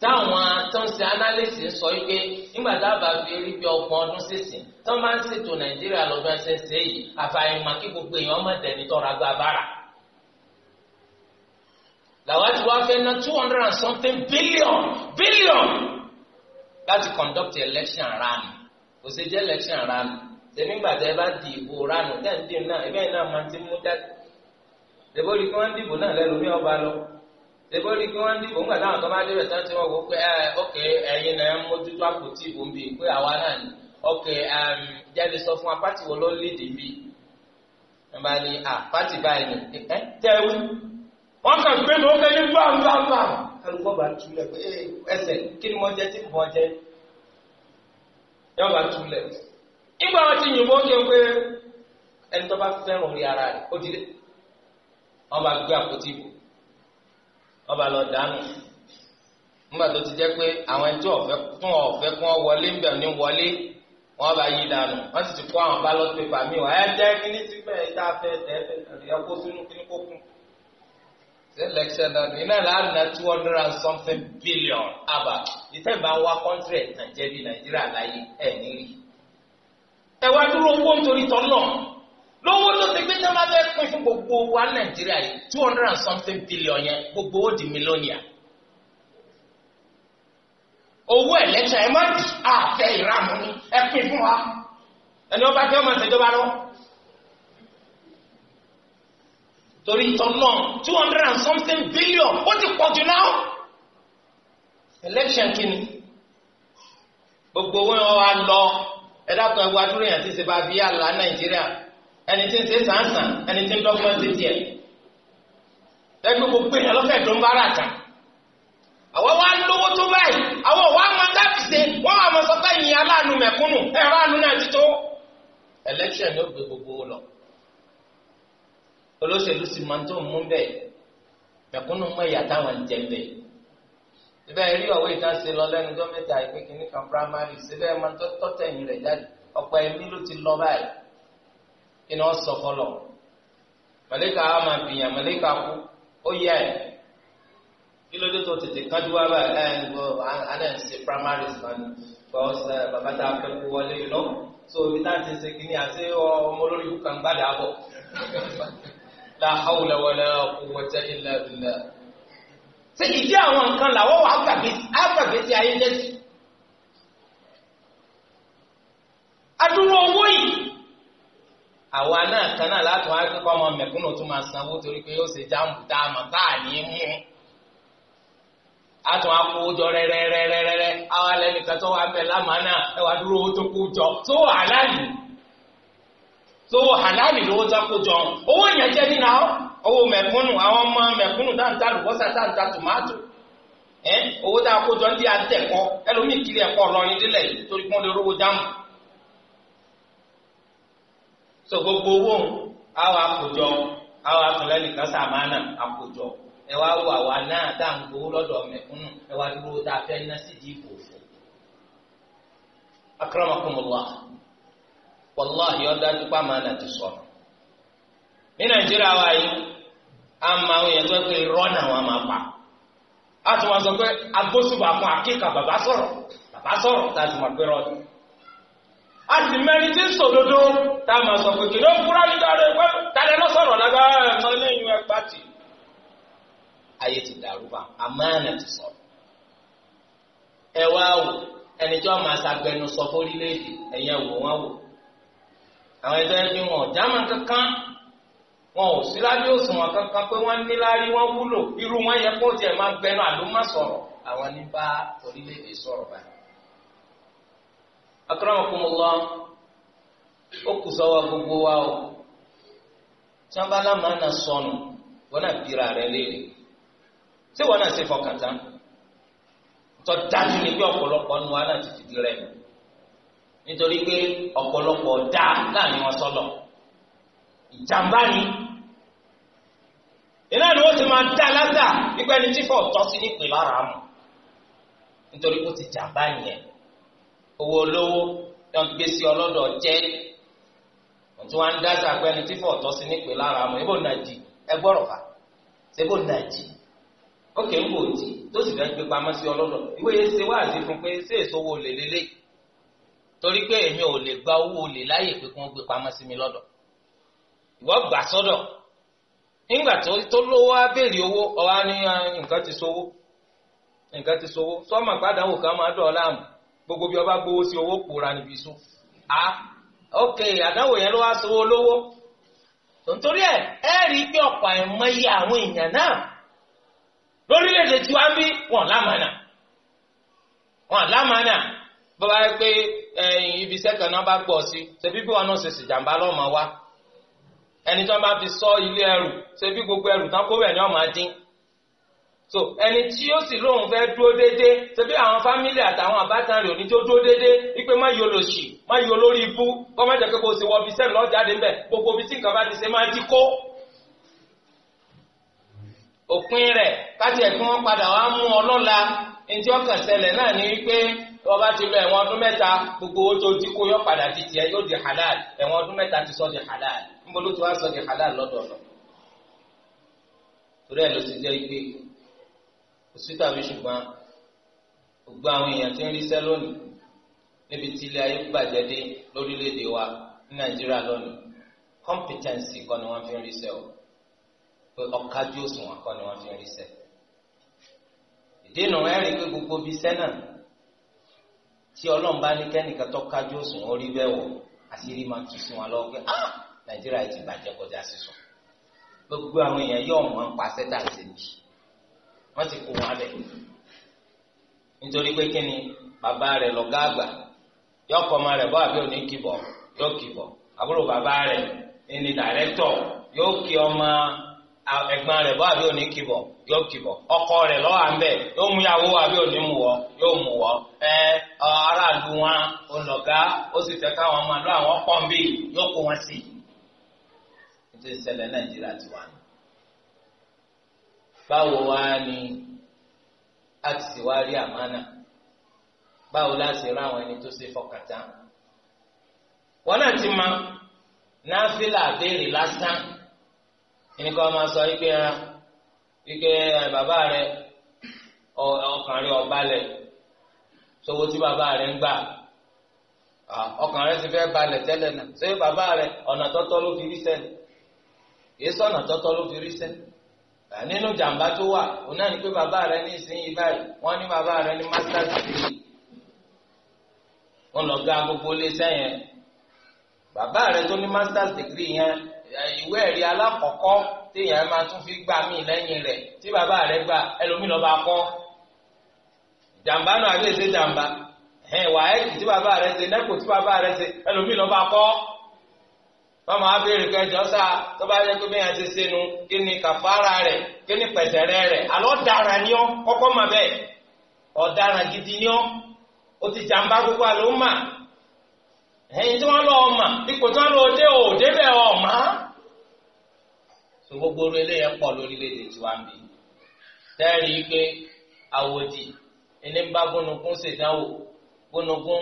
S1: táwọn tó ń ṣe analysis ń sọ yìí pé nígbà tá a bá fi rí bí ọgbọ̀n ọdún sísìn tó máa ń ṣètò nàìjíríà lọ́dún ẹsẹ̀ ṣe yìí àfàìmọ̀ kí gbogbo èèyàn má dẹni tọ́ra gba bára. làwọn ti wá fẹ́ ná two hundred and something billion billion láti conduct election run kò ṣe jẹ́ election run tẹ̀mí ìgbà tẹ́ bá di ìbò run tẹ̀ ń dì náà ẹ̀bẹ́ náà máa ti mú jáde. tẹ̀bórí kí wọ́n dìbò náà lẹ́nu ní ọba lọ lebo rí i pé wọ́n ń dìbò táwọn kan bá débẹ̀ tán tí wọ́n wò pé ẹ ọkẹ ẹ̀yin náà ń mójútó àpótí ìbò pé àwa náà ni ọkẹ um, jáde sọ fún apáti wo ló léde bí wọ́n bá ní apáti báyìí ni ẹ tẹ́wé wọ́n kàn gbé ló kẹ́ ní gbàngbàngbà kálukọ́ bá túlẹ̀ pé ẹsẹ̀ kí ni wọ́n jẹ́ tí wọ́n jẹ́ yọ̀ọ́ bá túlẹ̀ nígbà wọn ti yìnbọn kí n pé ẹni tó bá fẹ́ràn orí ara rẹ̀ ó dilé wọ́n bá gbé àpótí ìbò wọ́n lọ dànù nígbà tó ti jẹ́ pé àwọn ẹni tí ọ̀fẹ́ kún ọ̀fẹ́ kún ọ wọlé ń ní wọlé wọ́n bá yí dànù wọ́n sì ti kó àwọn ballot paper mi wọ́n ẹ jẹ́ kíní tí bẹ́ẹ̀ tá a fẹ́ tẹ́ ẹ kó sínú kíní kó kún. ṣé lẹ́kṣẹ̀ náà ní náà láàrin two hundred and something billion abà ìtẹ́ ìbá wa kọ́ńtírì ẹ̀tàn jẹ́ bí nàìjíríà láyé ẹ̀ nírí. ẹ wá dúró owó nítorí tọ́ náà lówó tó ti gbé tí wọn bá fẹ́ pín fún gbogbo wa nàìjíríà yìí two hundred and something billion yẹn gbogbo ó di mílíọ̀nìyà owó ẹlẹ́tẹ̀ ẹ má di àfẹ́ ìrànú ni ẹ pín fún wa ẹni wọn bá fẹ́ ọmọ ìṣèjọba lọ. torí ìtàn náà two hundred and something billion ó ti pọ̀ jù náà election kìíní gbogbo wọn wá lọ ẹ dákun ẹ wá dúró yàn tí ṣe bá bí àlá nàìjíríà. ẹni tí ń ṣe sàǹsàn ẹni tí dọ́gbọ́n ṣe tiẹ̀ ẹgbẹ́ gbogbo èèyàn lọ́fẹ̀ẹ́ tó ń bára àtà àwọn wa lówó tó báyìí àwọn wa máa dábì ṣe wọ́n wà máa sọ pé aláàánú àánú náà ti tó election ló gbé gbogbo lọ olóṣèlú sì máa ń tó mú bẹ́ẹ̀ mẹ̀kúnnù mọ ìyá táwọn ń jẹ bẹ́ẹ̀ síbẹ̀ rí ọ̀wé lọ lẹ́nu ti lọ báyìí iná sọfọlọ màlẹ́kà á máa bìyàn màlẹ́kà kú ó yẹ ẹ̀ kí ló dé tó tètè kájú wá báyìí ẹ̀ ń gbọ́ àná ẹ̀ ń ṣe primary school gbọ́ ṣe bàbá tá a fẹ́ kú wọlé yìí lọ so ibi tá a ti ṣe kínní àti ọmọ olórí kan gbàdá bọ̀ la hawla wala quwwata illa billah ṣe ìdí àwọn nǹkan làwọ́ wà ágbàgbé tí ayé jẹ́ sí. adúrú owó yìí. àwa náà kan náà látọ̀ wá kíkọ́ ọmọ mẹ̀kúnnù tó máa sanwó torí pé ó ṣe jáàmù tá a mọ̀ tá a ní í mú a tún á kó jọ rẹ́rẹ́rẹ́rẹ́rẹ́ àwa lẹ́nìkan tó wá bẹ̀ lámàánà ẹ wá dúró owó tó kó jọ tó wà hàlálì tó wà hàlálì lówó tó kó jọ owó yẹn jẹ́ nínú àwọn owó mẹ̀kúnnù àwọn ọmọ mẹ̀kúnnù lùbọ́sà tòmátò owó tá a kó jọ ń so gbogbo owó ń àwọn àkójọ àwọn àtúnlẹ̀ amana sàmánà àkójọ ẹ wá wà wá náà tá ń gbowó lọ́dọ̀ mẹ̀kúnnù ẹ wá dúró tá a fẹ́ ná sí di ìfòfò. akramakumullah wàláhi ọ̀dọ́ adúpá máa nà ti ní nàìjíríà wa yìí a máa ń pé wọn máa pa a tún wọn sọ pé agbóṣùbà fún bàbá bàbá a sì mẹ́ni tí ń sòdodo tá a máa sọ pé kìlọ́ fúra yìí dáre pé tálẹ́ lọ sọ̀rọ̀ lágbára ẹ̀ mọ́ lẹ́yìn ẹgbà tì. ayé ti dàrú bá àmánà ti sọ̀rọ̀ ẹ wá wò ẹni tí wọ́n máa ṣàgbẹnusọ fórílẹ̀-èdè ẹ̀yẹ wò wọ́n wò àwọn ẹjọ́ ẹni wọn jámà kankan wọn ò sí lábẹ́ òṣùwọ̀n kankan pé wọ́n ní láárí wọ́n wúlò irú wọn yẹ kó tiẹ̀ máa gbẹnu àlùmọ́ sọ̀rọ̀ àwọn ní akramakumullah ó kù sọ́wọ́ gbogbo wa o tí wọ́n bá lámàá náà sọnù wọ́n náà bira rẹ léèrè tí wọ́n náà ṣe fọkàn tán dájú ni pé ọ̀pọ̀lọpọ̀ nu wa náà ti fìdí rẹ nítorí pé ọ̀pọ̀lọpọ̀ dá láàrin wọn sọlọ ìjàmbá ni iná ni wọ́n ti máa dá ládàá pípẹ́ ni tí fọ́ọ̀tọ́ sí nípìn lára mu nítorí ó ti jàmbá yẹn. owó olówó tí gbé sí ọlọ́dọ̀ jẹ́ wọ́n tún ń dá sàpẹ́ tí fọ̀tọ́ sí nípe lára àmọ́ ebó nàjì ẹgbọ́rọ̀ fà ṣebó nàjì ókè ń wò jì tó sì fẹ́ gbé pamọ́ sí ọlọ́dọ̀ ìwé yẹn ṣe wáàzí fún pé ṣé èso wo lè lélẹ̀ torí pé èmi ò lè gba owó olè láyè pé kí gbé pamọ́ sí mi lọ́dọ̀ ìwọ gbà sọ́dọ̀ nígbà tó lówó á béèrè owó ọ̀há ní ah, nǹkan ti sowó nǹkan ti gbogbo bí ọba gbowó sí owó pòórá níbi sùn a ok àdáwò yẹn ló wá sọ owó lówó nítorí ẹ ẹ rí i pé ọ̀pọ̀ àìmọye àwọn èèyàn náà lórílẹ̀‐èdè tí wàá bí wọn lámànà wọn lámànà bàbá yẹ pé ibi sẹ́kẹ̀ náà bá gbọ̀ sí ṣebí bí wọn náà ṣèṣì jàǹbá lọ́mọ wa ẹni tí wọn bá fi sọ ilé ẹrù ṣebí gbogbo ẹrù tán kó bẹ̀ ni wọn máa dín so ẹni tí ó sì lóun fẹ́ dúró déédéé ṣebí àwọn fámìlì àtàwọn àbátan rẹ̀ òní tó dúró déédéé wípé má yọ lòṣì má yọ lórí ibú kọ́ má jẹ́ pé kò sí wọ bí sẹ́ẹ̀ lọ́ọ́ jáde ńbẹ̀ gbogbo bí tí nǹkan bá ti ṣe máa dí kó òpin rẹ̀ káti ẹ̀kún wọn padà wá mú ọ lọ́la ẹni tí ọkàn ṣẹlẹ̀ náà ní wípé ọba ti lọ ẹ̀wọ̀n ọdún mẹ́ta gbogbo owó tó ti kó yọ padà di tiẹ̀ yóò di halal ẹ̀wọ̀n ọdún mẹ́ta ti halal níbo òsì tàbí ṣùgbọ́n gbogbo àwọn èèyàn tí ń ríṣẹ́ lónìí níbi tí ilé ayé bàjẹ́ dé lórílẹ̀‐èdè wa ní nàìjíríà lónìí competency kọ́ ni wọ́n fi ń ríṣẹ́ o pé ọ̀kájú òṣùwọ̀n kọ́ ni wọ́n fi ń ríṣẹ́ ìdènà ẹ̀rìn pé gbogbo bíi sẹ́nà tí ọlọ́run bá ní kẹ́nìkan tó kájú òṣùwọ̀n orí bẹ́ẹ̀ wọ̀ àṣírí máa tú sí wọn lọ́wọ́ pé ah nàìjíríà ti bàjẹ́ kọjá sísun gbogbo àwọn èèyàn yóò mọ̀ wọ́n ti kó wọn bẹ̀ nítorí pé kí ni bàbá rẹ̀ lọ́gá àgbà yóò kọ́ ọmọ rẹ̀ bọ́ àbí òní kìbọ̀ yóò kìbọ̀ àbúrò bàbá rẹ̀ ẹni dàrẹ́tọ̀ yóò kí ọmọ ẹ̀gbọ́n rẹ̀ bọ́ àbí òní kìbọ̀ yóò kìbọ̀ ọkọ rẹ̀ lọ́wọ́ à yóò mú ìyàwó àbí òní mú wọ yóò mú wọ ẹ aráàlú wọn ọlọ́gá ó sì fẹ́ káwọn ọmọ àlọ́ àwọn pọ́ńbì yóò kó wọn sí. ètò ìṣẹ̀lẹ̀ nàìjíríà ti wà ní báwo wá ni a ti sì wá rí àmánà báwo láti rá àwọn ẹni tó ṣe fọkàtà wọn náà ti ma náfìlà béèrè lásán ẹni kan máa sọ wípé wípé bàbá rẹ ọkàn rẹ ọba lẹ sọwọ tí bàbá rẹ ń gbà ọkàn rẹ ti fẹ́ balẹ̀ tẹ́lẹ̀ náà ṣé bàbá rẹ ọ̀nà tọ́tọ́ ló fi rí sẹ́ni èyí sọ̀nà tọ́tọ́ ló fi rí sẹ́ni nínú jàǹbá tó wà òun náà ni pé bàbá rẹ ní ìsinyìí báyìí wọ́n ní bàbá rẹ ní masters degree wọ́n lọ ga gbogbo iléeṣẹ́ yẹn bàbá rẹ tó ní masters degree yẹn ìwé ẹ̀rí alákọ̀ọ́kọ́ téèyàn máa tún fi gbà mí lẹ́yìn rẹ̀ tí bàbá rẹ gbà ẹlòmíì lọ́ọ́ bá kọ́ jàǹbá náà àbí èsè jàǹbá ẹ̀hìn wàhálì tí bàbá rẹ ṣe nẹ́kò tí bàbá rẹ ṣe ẹlòmíì bá kọ́. wọn máa béèrè kẹjọ sá tó bá yẹ kó bí yẹn ti sínú kí ni kàfàrà rẹ kí ni pẹ̀sẹ̀rẹ́ rẹ àlọ́ dára ni ọ́ kọ́kọ́ bẹ́ẹ̀ ọ̀daràn gidi ni ọ́ ti jàǹbá gbogbo àlọ́ mà ẹ̀yìn tí wọ́n lọ ọmọ ipò tí wọ́n lọ gbogbo pọ̀ lórílẹ̀‐èdè bì tẹ́rì pé àwòdì ẹni bá gbónúkún ṣèdánwò gbónúkún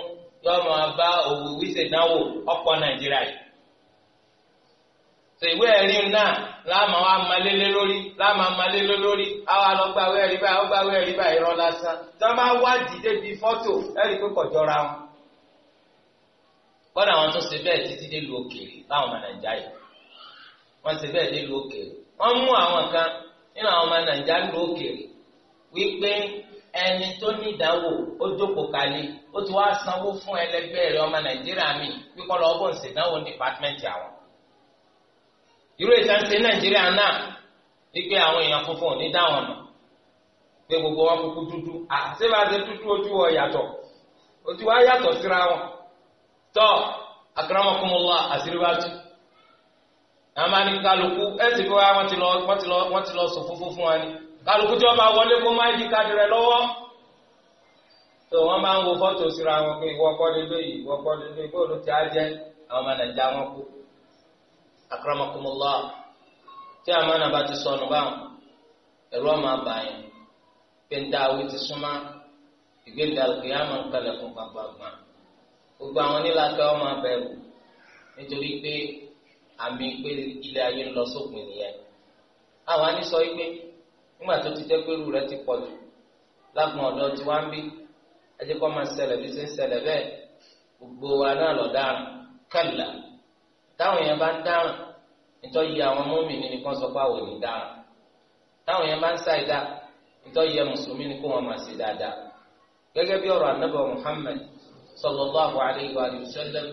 S1: yọ sọ ìwé ẹ̀rí náà láàmú àwọn amalélé lórí láàmú amalélé lórí àwọn alọ́gbà awé ẹ̀rí báyìí ọgbà awé ẹ̀rí báyìí rán lásán tí wọ́n bá wádìí débi fọ́tò ẹ̀rí pé kò jọra wọn. kọ́dà wọn tún ṣe bẹ́ẹ̀ títí dé lu òkèèrè láwọn ọmọ nàìjíríà yìí wọ́n ṣe bẹ́ẹ̀ dé lu òkèèrè wọ́n mú àwọn kan nínú àwọn ọmọ nàìjíríà lu òkèèrè wípé ẹni tó ní ìdánwò ó jókòó kalẹ̀ ó ti wá sanwó fún ẹlẹgbẹ́ rẹ̀ ọmọ nàìjíríà míì wípé ọlọ́gbọ̀n ṣèdánwò ní dìpátmẹ́ǹtì àwọn irú ìṣàǹṣe nàìjíríà náà wípé àwọn èèyàn funfun ò ní dáwọn nù pé gbogbo wọn kúkú dúdú àṣebàṣe dúdú ojú wọn yàtọ̀ ojú wa yàtọ̀ síra wọn tọ́ akramakumullah àṣíríwájú àwọn máa ní kálukú ẹ̀sìn pé wọ́n ti lọ wọ́n ti lọ wọ́n ti lọ sùn funfun fún wa ni kálukú tí wọ́n máa wọlé kó máa di káàdì rẹ̀ lọ́wọ́ tó wọ́n máa ń wo fọ́tò síra wọn pé ìwọ́kọ́ lélẹ́yìí ìwọ́kọ́ lélẹ́yìí bóòlù ti á jẹ́ àwọn ọmọ nàìjíríà wọn kú akramakumullah tí amánà bá ti sọnù báwọn ẹ̀rú ọmọ àbàyàn péńtà awi ti súnmá ìgbéǹda òkè àmà ń kalẹ̀ fún gbàgbàgbà gbogbo àwọn nílàkẹ́ ọmọ abẹ́rù nítorí pé àmì pé ilé ayé ń lọ sópin nìyẹn àwọn anísọ yìí pé nígbà tó ti jẹ́ rẹ ti pọ̀ jù ọ̀dọ́ tí wá ń bí ajẹ́kọ́ máa ṣẹlẹ̀ bí ṣe ń ṣẹlẹ̀ bẹ́ẹ̀ gbogbo wa náà lọ dára kálá táwọn èèyàn bá ń dáràn nítorí yẹ àwọn mọ́mì ní nìkan sọ pé àwọn ò ní dáràn táwọn bá ń ṣàìdá nítorí yẹ mùsùlùmí ní kó wọn máa ṣe dáadáa gẹ́gẹ́ bí ọ̀rọ̀ anábọ̀ Muhammad sallallahu alayhi wa sallam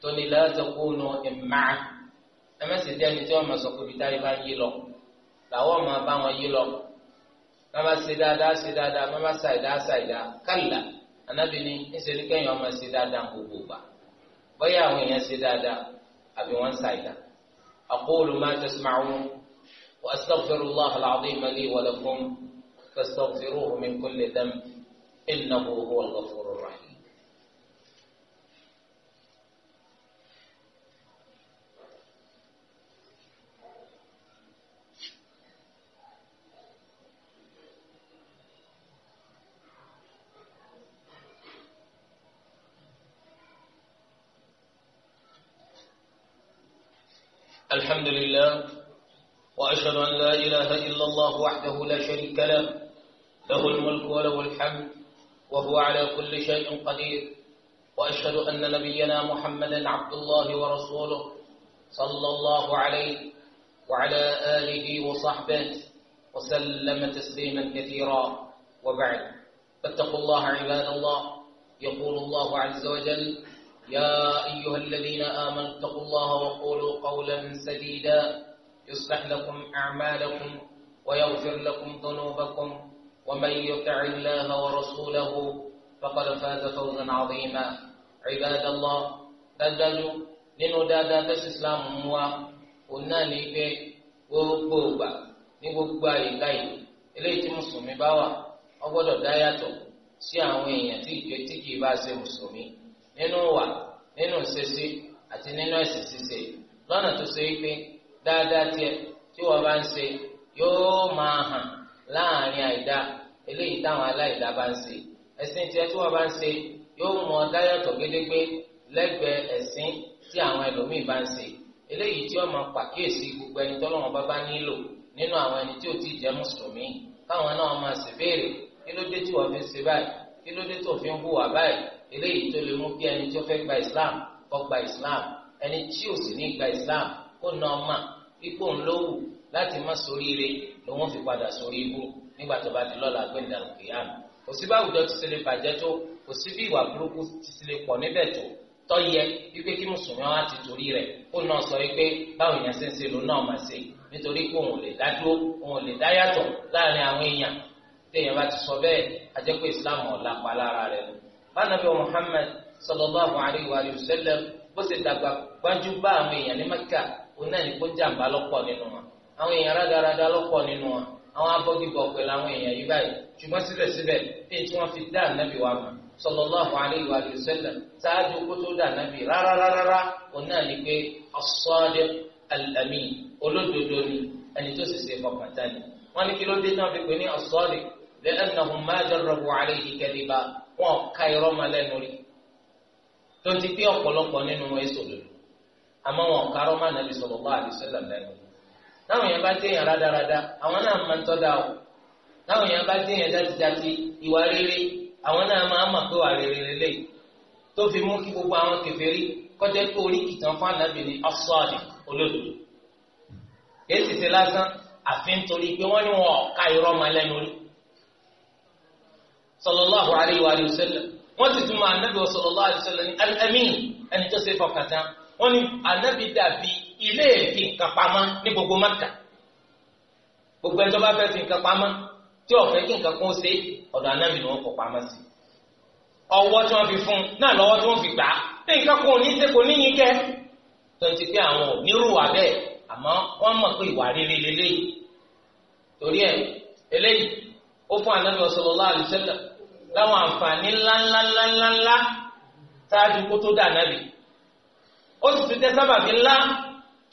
S1: tó ní la takunu imma'a ẹ mẹ́sì díẹ̀ ní tí wọ́n máa sọ pé bíi bá yí lọ làwọn máa bá wọn yí lọ أبوان سايدا أقول ما تسمعون وأستغفر الله العظيم لي ولكم فاستغفروه من كل ذنب إنه هو الغفور الله وحده لا شريك له له الملك وله الحمد وهو على كل شيء قدير وأشهد أن نبينا محمدا عبد الله ورسوله صلى الله عليه وعلى آله وصحبه وسلم تسليما كثيرا وبعد فاتقوا الله عباد الله يقول الله عز وجل يا أيها الذين آمنوا اتقوا الله وقولوا قولا سديدا يصلح لكم أعمالكم ويغفر لكم ذنوبكم ومن يطع الله ورسوله فقد فاز فوزا عظيما عباد الله دجاجو nínú dáadáa wa òun náà ní pé gbogbo ògbà ní gbogbo àyíká yìí àwọn èèyàn tí ìjọ tí kì bá ṣe mùsùlùmí nínú wà nínú ṣeṣe àti nínú ẹ̀sìn ṣíṣe tó ṣe é pé dáadáa tí yóò máa hàn láàrin àìdá eléyìí táwọn aláìdá bá ń ṣe ẹ̀sìn tiẹ̀ tí wọ́n bá ń ṣe yóò mú ọ dáyàtọ̀ gédégbé lẹ́gbẹ̀ẹ́ ẹ̀sìn tí àwọn ẹlòmíì bá ń ṣe eléyìí tí wọ́n máa pàkíyèsí gbogbo ẹni tọ́lọ́wọ́n bá bá nílò nínú àwọn ẹni tí ò tí ì jẹ́ mùsùlùmí káwọn náà máa sì béèrè kí ló dé tí wọ́n fi ṣe báyìí kí ló dé tó fi ń hùwà báyìí eléyìí tó lè mú kí ẹni tó fẹ́ gba Islam kó gba Islam ẹni tí ò sì ní gba Islam kó náà mà ipò ńlówù láti má soríire ló wọ́n fi padà sórí ibú nígbà tó bá ti lọ́la gbẹ̀ndà òkèèyàn kò sí bá àwùjọ ti ṣe lè bàjẹ́ tó kò sí bí ìwà burúkú ti ṣe lè pọ̀ níbẹ̀ tó tọ́yẹ wípé kí mùsùlùmí wọn á ti torí rẹ̀ kó náà sọ wípé báwọn èèyàn ṣe ń ṣe ló náà máa ṣe nítorí pé òun ò lè dá òun ò lè dá yàtọ̀ láàrin àwọn èèyàn téèyàn bá ti sọ bẹ́ẹ̀ a jẹ́ pé islam ọ̀la pa lára rẹ̀ lọ. bánàbí muhammad sallallahu alayhi wa sallam bó ṣe dàgbà gbájú bá àwọn èèyàn ní mẹ́kà òun náà ní kó jàǹbá lọ́pọ̀ nínú wọn àwọn èèyàn rádaràda ló pọ̀ nínú wọn àwọn abọ́gibọ̀ pẹ̀lú àwọn èèyàn yìí báyìí ṣùgbọ́n síbẹ̀síbẹ̀ bí tí wọ́n fi dá ànábì wa mọ̀ sallallahu alayhi wa sallam ṣáájú kó tó dá ànábì rárárárá òun náà ni pé as-sadiq al-amin olódodo ni ẹni tó sì ṣe fọkàn tán ni wọ́n ní kí ló dé náà fi pè ní as-sadiq li'annahum ma máa lẹ́nu rí tó ti pé táwọn èèyàn bá déèyàn rádaràda àwọn náà máa ń tọ́da o táwọn èèyàn bá déèyàn játijáti ìwà rere àwọn náà máa mọ̀ pé wà rere lélẹ̀ tó fi mú kí gbogbo àwọn kèfèrí kọjá pé orí kìtàn fún ànábì ní ọ́sọ́ọ̀dì olódodo èyí ti lásán àfi nítorí pé wọ́n ní wọn ọ̀ka irọ́ máa lẹ́nu rí sallallahu alayhi wa sallam wọ́n ti tún máa ànábì sallallahu alayhi wa sallam ní al-amin ẹni tó ṣe fọkàtà wọ́n ní ànábì dàbí ilé ìfi nǹkan pamọ́ ní gbogbo mẹ́ta gbogbo ẹjọ́ bá fẹ́ fi nǹkan pamọ́ tí ọ̀fẹ́ kí nǹkan kún ṣe ọ̀dọ̀ anábì ni wọ́n kọ pamọ́ sí ọwọ́ tí wọ́n fi fún náà lọ́wọ́ tí wọ́n fi gbà á ní nǹkan kún ní ṣe kò ní yín kẹ́ tó ti pé àwọn onírúwà bẹ́ẹ̀ àmọ́ wọ́n mọ̀ pé ìwà rere lélẹ́yìí torí ẹ̀ eléyìí ó fún anábì sallallahu alaihi wasallam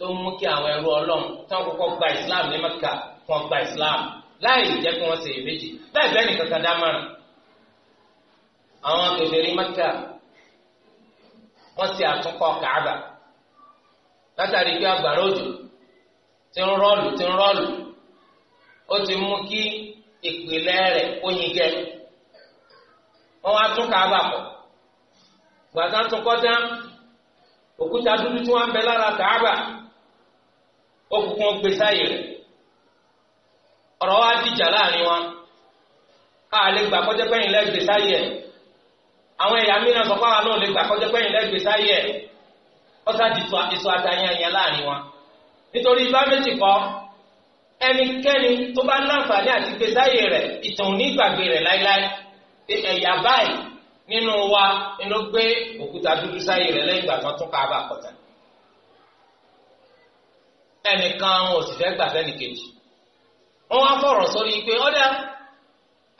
S1: tó mú kí àwọn ẹrú ọlọ́run tí kọ́kọ́ gba islam ní maka fún ọgbà islam láì jẹ́ kí wọ́n ṣe èméjì láì bẹ́ẹ̀ ní kankan dámọ̀ràn. àwọn kèfèrí maka wọ́n ti àtúnkọ́ kàába látàrí pé àgbàrá òjò ti ń rọ́ọ̀lù ti ń rọ́ọ̀lù ó ti mú kí ìpìlẹ̀ rẹ̀ kó yin ó kúkú gbé sáyè rẹ̀ ọ̀rọ̀ wa dìjà láàrin wọn a lè gbà kọjá pẹ́yìn lẹ́gbẹ̀ẹ́ sáyè ẹ̀ àwọn ẹ̀yà mìíràn sọ fáwọn náà lè gbà kọjá pẹ́yìn lẹ́gbẹ̀ẹ́ sáyè ẹ̀ ọ̀sá ti sọ èso àtàyànyàn láàrin wọn nítorí bá méjì kọ́ ẹnikẹ́ni tó bá láǹfààní àti gbé sáyè rẹ̀ ìtàn onígbàgbé rẹ̀ láíláí ẹ̀yà báyìí nínú wa inú gbé òkúta dúdú sáyè rẹ̀ lẹ́yìn ìgbà tó tún ká bá kọ̀tàn ẹnìkan wọn gbà fẹ́ni kejì wọ́n wá fọ̀rọ̀ sórí pé ọ̀dà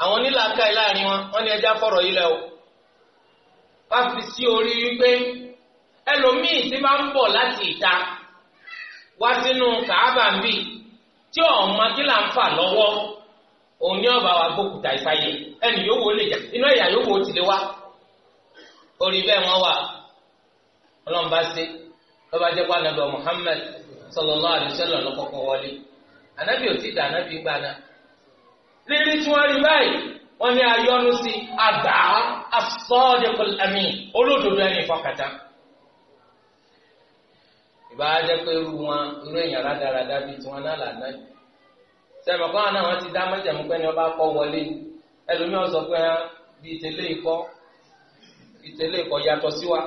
S1: àwọn onílàákà yìí láàrin wọn wọ́n ní ẹja fọ̀rọ̀ yìí wá fi sí orí wípé ẹlòmíì tí máa ń bọ̀ láti ìta wá sínú kàábà ń bì tí ọ̀ma kí là ń fà lọ́wọ́ ọba wa gbókùtà ìfàyè ẹnì yóò wò lè jà Sọlọlọ alaihi wasallam wọlé ànábì ò ti dà ànábì gbà náà rírí tí wọ́n rí báyìí wọ́n ní sí àgbà olódodo ẹni fọkàtà pé irú wọn irú èèyàn bíi náà là náà wọn ti dá pé ni wọ́n bá kọ́ wọlé ẹlòmíràn sọ pé ah, bíi tẹ̀lé ikọ́ ìtẹ̀lé ikọ̀ yàtọ̀ sí wa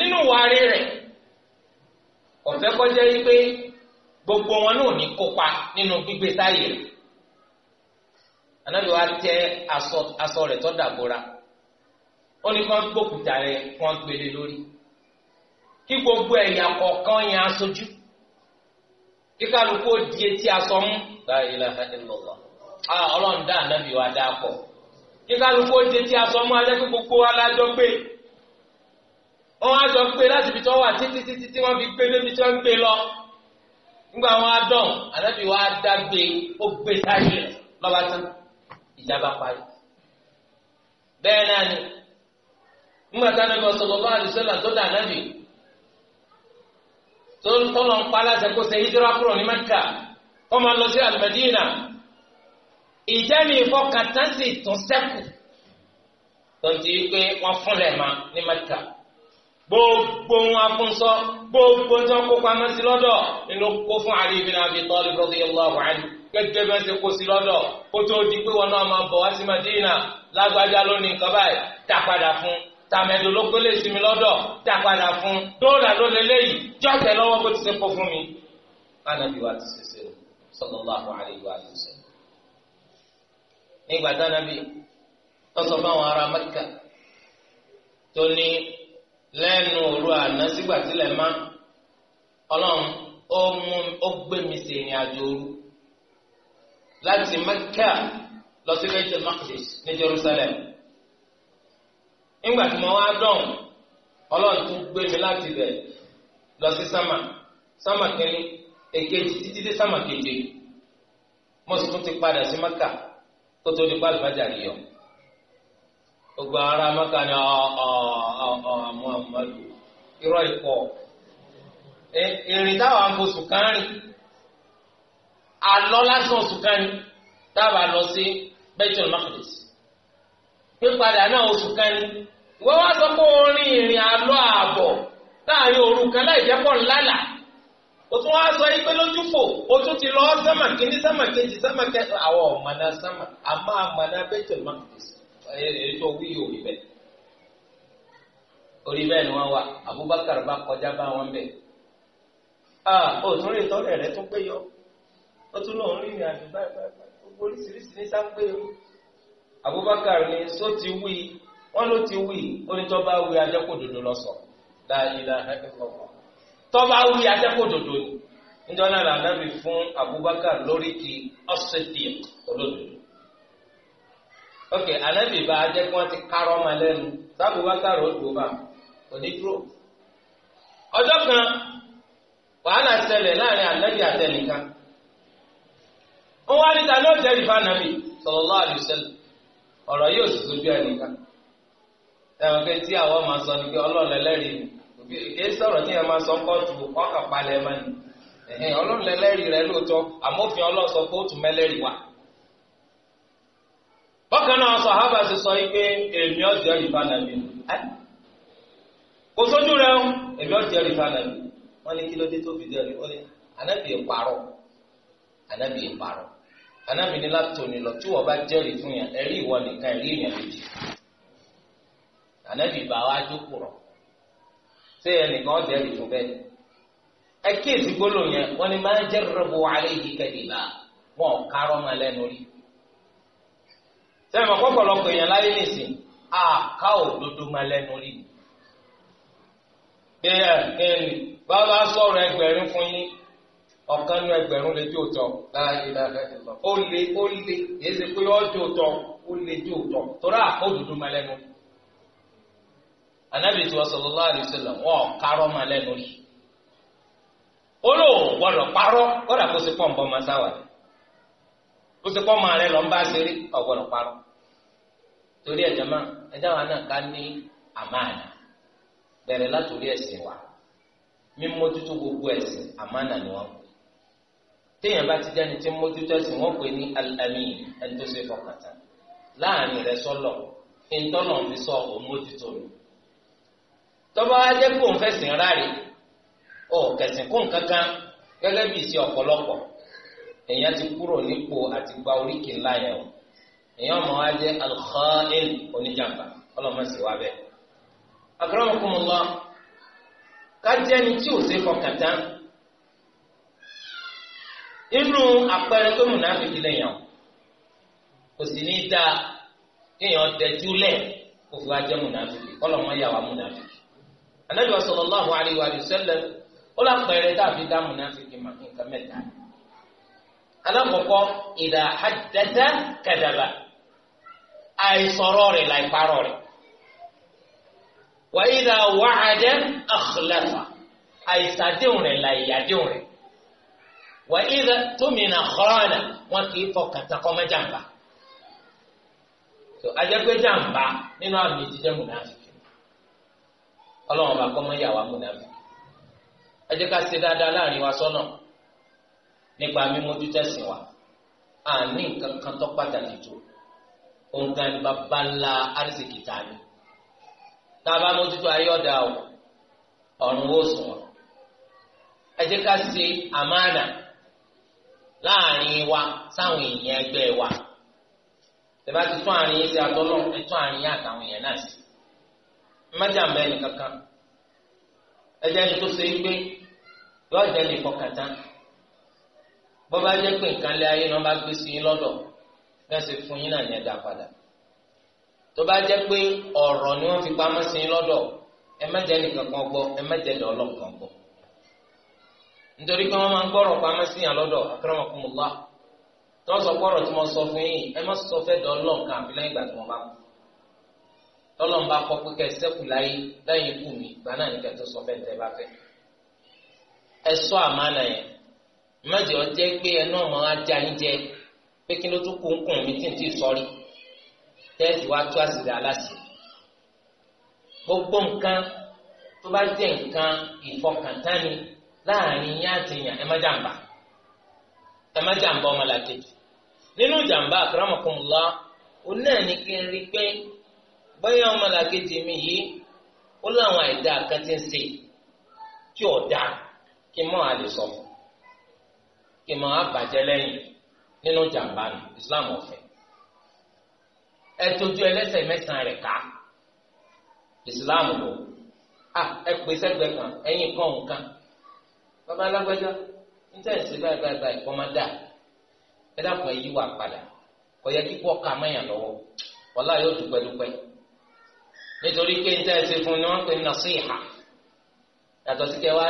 S1: nínú wàrí ọ̀fẹ́ kọjá yìí pé gbogbo wọn náà ní kópa nínú gbígbé táyé rẹ̀ anábìwá tẹ aṣọ rẹ̀ tó dàbora ó ní kí wọ́n gbókùtà rẹ̀ kí wọ́n gbélé lórí kí gbogbo ẹ̀yà kọ̀ọ̀kan yẹn aṣojú kí kálukú di etí aṣọ mú la ilaha illallah ọlọ́run dá anábìwá dá pọ̀ kí kálukú etí aṣọ mú alẹ́ kí gbogbo alájọ wọ́n á jọ gbé láti ibi tí wọ́n wà títí títí tí wọ́n fi gbé tí wọ́n gbé lọ nígbà wọn á dán ànábì wọn á dágbé ó gbé táyé rẹ̀ lọ́ba tán ìjàmbá parí bẹ́ẹ̀ náà ni nígbà táwọn ẹgbẹ́ sallallahu alaihi wasallam tó dà ànábì tó ń tọ́lọ̀ ń pa aláṣẹ gbogbo wọn afúnṣọ gbogbo tí wọn kó pamọ́ sí lọ́dọ̀ nínú kó fún Ali ibn Abi Talib radiyallahu anhu gẹ́gẹ́ bí wọ́n ṣe kó sí lọ́dọ̀ kó tó di pé wọn náà máa bọ̀ wá sí Madina lágbájá lónìí nǹkan báyìí tá a padà fún tàmẹ̀dò ló gbélé sí mi lọ́dọ̀ tá a padà fún dóòlà ló lé léyìí jọ́tẹ̀ lọ́wọ́ kó ti ṣe kó fún mi. Ànábì wa ti ṣe ṣe sallallahu alayhi àwọn ará Mẹ́kà tó lẹ́nu òru àná sígbà tílẹ̀ má ọlọ́run ó mú ó gbé mi sí ìrìn àjò òru láti Mẹ́kà lọ sí Baitul Maqdis ní Jerusalem nígbà tí mo wá dọ̀hún ọlọ́run tún gbé mi láti bẹ̀ lọ sí sámà sámà kínní èkejì títí dé sámà keje mo sì tún ti padà sí Mẹ́kà kó tó di pálí bá yìí yọ gbogbo ara mọ́ta ni ọmọ ọmọdù irọ́ ìpọ̀ e, èrè táwọn afosùn kan rìn alọ́ lásán oṣù kan ni táwọn lọ sí Baitul Maqdis pípadà náà o kan ni ìwọ́n wá sọ pé orin ìrìn alọ́ ààbọ̀ láàrin òru kan láì jẹ́ pọ̀ ńlálà o tún wá sọ yìí pé lójú fò o tún ti lọ sẹ́mà kínní sẹ́mà kejì sẹ́mà kẹta àwọn ọ̀mọ̀nà sẹ́mà àmọ́ àmọ̀nà Baitul Maqdis. èyí tó wí yóò rí bẹ́ẹ̀ orí bẹ́ẹ̀ Abubakar bá kọjá bá wọn bẹ́ẹ̀ aa ò tún rí ìtọ́rẹ̀ rẹ tó yọ ó tún lòun rí ìrìn àjò báyìí gbogbo oríṣiríṣi ní sáńpé o Abubakar ni só ti wí wọn ló ti wí onítọ́ba wí ajẹ́kòdodo lọ sọ láàyè tọ́ba wí ajẹ́kòdodo ni níjọ́ náà lànà fún Abubakar ok anabi bá a jẹ́ kí wọ́n ti kárọ́ ọmọ lẹ́nu sábò bá sáré ó dùn ọjọ kan wàhálà ṣẹlẹ̀ láàrin anabi àtẹnìkan wọ́n wá níta náà jẹ́rìí fún anabi sallallahu alaihi wasallam ọ̀rọ̀ yóò sì sójú ẹnìkan ẹ̀wọ̀n tí àwọn máa sọ ni pé ọlọ́run lẹ́lẹ́rìí ni kì í sọrọ tí ẹ máa sọ kóòtù rẹ àmófin ọlọsọ kóòtù wa. bọ́kàn náà sàhábà ṣe sọ pé èmi ọ̀jọ́ ìfanàbí
S2: kò sójú rẹ̀ ń èmi ọ̀jọ́
S1: ìfanàbí wọ́n ní kí ló dé tó fi jẹ́ rí wọ́n ní anábì ìparọ́ anábì ìparọ́ anábì ní lọ tí wọ́n bá jẹ́rìí fún yàn ẹ̀rí ìwọ nìkan ẹ̀rí èèyàn méjì anábì bá wa jókòó rọ̀ ṣé ẹnìkan jẹ́rìí fún bẹ́ẹ̀ ẹ kíyèsí gbólóyìn wọ́n ní máa jẹ́ rẹ̀ bọ̀ yìí kẹ́kẹ́ ìlà wọn kárọ́ máa lẹ́nu rí sẹ́mi ọ̀pọ̀lọpọ̀ èèyàn láyé nìsín àká òdodo máa lẹ́nu rí ni. bẹ́ẹ̀ ẹni bàbá sọ̀rọ̀ ẹgbẹ̀rún fún yín ọ̀kan nínú ẹgbẹ̀rún lè jó tọ̀ láàyè láàyè lọ. ó lé ó lé èyí ṣe pé ó jó tọ̀ ó lé jó tọ̀ torí máa lẹ́nu anábì tí ó ti kọ́ máa rẹ lọ́n bá ṣeré ọ̀gbọ́dọ̀ parọ́ torí ẹ̀jẹ̀ máa ẹ̀jẹ̀ wa náà ká ní àmàna bẹ̀rẹ̀ látòrí ẹ̀sìn wa mímójútó gbogbo ẹ̀sìn àmàna ni wọ́n pè téèyàn bá ti dẹ́ni tí mójútó ẹ̀sìn wọ́n pè ní al-amin ẹni tó ṣe fọkàntán láàrin rẹ sọ́lọ̀ ìtọ́nà fi sọ òun mi tọ́ba wa jẹ́ kó ń fẹ̀sìn ráre ọ̀ kẹ̀sìn kó nǹkan kan gẹ́gẹ́ bí ìṣe ọ̀pọ̀lọpọ̀ èèyàn ti kúrò nípò àti gba oríkì ńlá yẹn o èèyàn ọmọ wa jẹ alkha'il oníjàmbá ọlọmọ sì wá bẹ́ẹ̀. akramakumullah kájẹni tí ò ṣe fọkàn tán inú àpẹẹrẹ tó múnàfíkì lẹ́yìn o kò sì ní dá kéèyàn dẹjú lẹ kó fi wá jẹ múnàfíkì ọlọmọ yà wá múnàfíkì anabi wa sallallahu alayhi wa sallam ó lápẹẹrẹ tá a fi dá múnàfíkì mà nǹkan mẹ́ta ni alákọ̀ọ́kọ́ ìdá àdẹ́tẹ́ kẹdàbà àìsọ̀rọ̀ rẹ̀ láìparọ̀ rẹ̀ wà ìdá wàhádẹ́ àkùlẹ́fà àìsàdéhùn rẹ̀ láìyàdéhùn rẹ̀ wà ìdá tómìnà kọ́ọ̀nà wọn kì í fọkàn tán kọ́ mẹ́jàmbá tó ajẹ́gbẹ́jàmbá nínú àmì ìdíjẹ́ múnafìkì ọlọ́run bá kọ́ mọ́ yà wá múnafìkì ẹ jẹ́ ká ṣe dáadáa láàrin wa sọ́nà. So nípa mímójútẹ́sìn wa àní nǹkan kan tó pàtàkì tó nǹkan ní bàbá ńlá àrísìkì tá a ní tá a bá mójútó ayé ọ̀dà o
S2: ọ̀run ó sùn wọ́n
S1: ẹ jẹ́ ká ṣe àmánà láàrin wa sáwọn èèyàn ẹgbẹ́ wa tẹ́ bá ti tún àárín yín sí atọ́nà ẹ tún àárín yín àtàwọn èèyàn náà sí mẹ́jà mẹ́rin kankan ẹ jẹ́ ẹni tó ṣe é gbé yọ̀ọ́ jẹ́ lè fọkàn tán. bó jẹ́ pé nǹkan lé ayé náà bá gbé sí yín lọ́dọ̀ bẹ́ẹ̀ fún yín náà ní ẹ̀dá padà tó bá jẹ́ pé ọ̀rọ̀ ni wọ́n fi pamọ́ sí yín lọ́dọ̀ ẹ mẹ́jẹ nìkan kan gbọ́ ẹ mẹ́jẹ ní ọlọ́kan gbọ́ nítorí pé wọ́n máa ń gbọ́rọ̀ pamọ́ sí lọ́dọ̀ akramakumullah tó sọ gbọ́rọ̀ tí mọ̀jẹ̀ ọjẹ́ pé ẹnu ọmọ ajá yín jẹ pé kí ló tún kó ń kùn tí n ti sọrí wá tó gbogbo nǹkan tó bá jẹ́ nǹkan ìfọkàntánni láàrin yín àti èèyàn ẹ má jàǹbá ẹ má jàǹbá nínú ó náà ní kí n rí pé bóyá mi yìí ó láwọn àìdá kan sọ kí n máa bàjẹ́ lẹ́yìn nínú jàǹbá Islam ọ̀fẹ́ ẹ tójú ẹlẹ́sẹ̀ mẹ́sàn rẹ̀ ká Islam lò à ẹ pè kan ẹ̀yìn kan nǹkan bàbá alágbẹ́jọ́ ń tẹ̀sí báyìí báyìí máa dà ẹ dàpọ̀ wà padà kọ̀ yẹ kíkọ́ ka mẹ́yàn lọ́wọ́ wọ́lá yóò dúpẹ́ dúpẹ́ nítorí pé ń tẹ̀sí fún ni wọ́n pè ní nasiha yàtọ̀ sí kẹ́ wá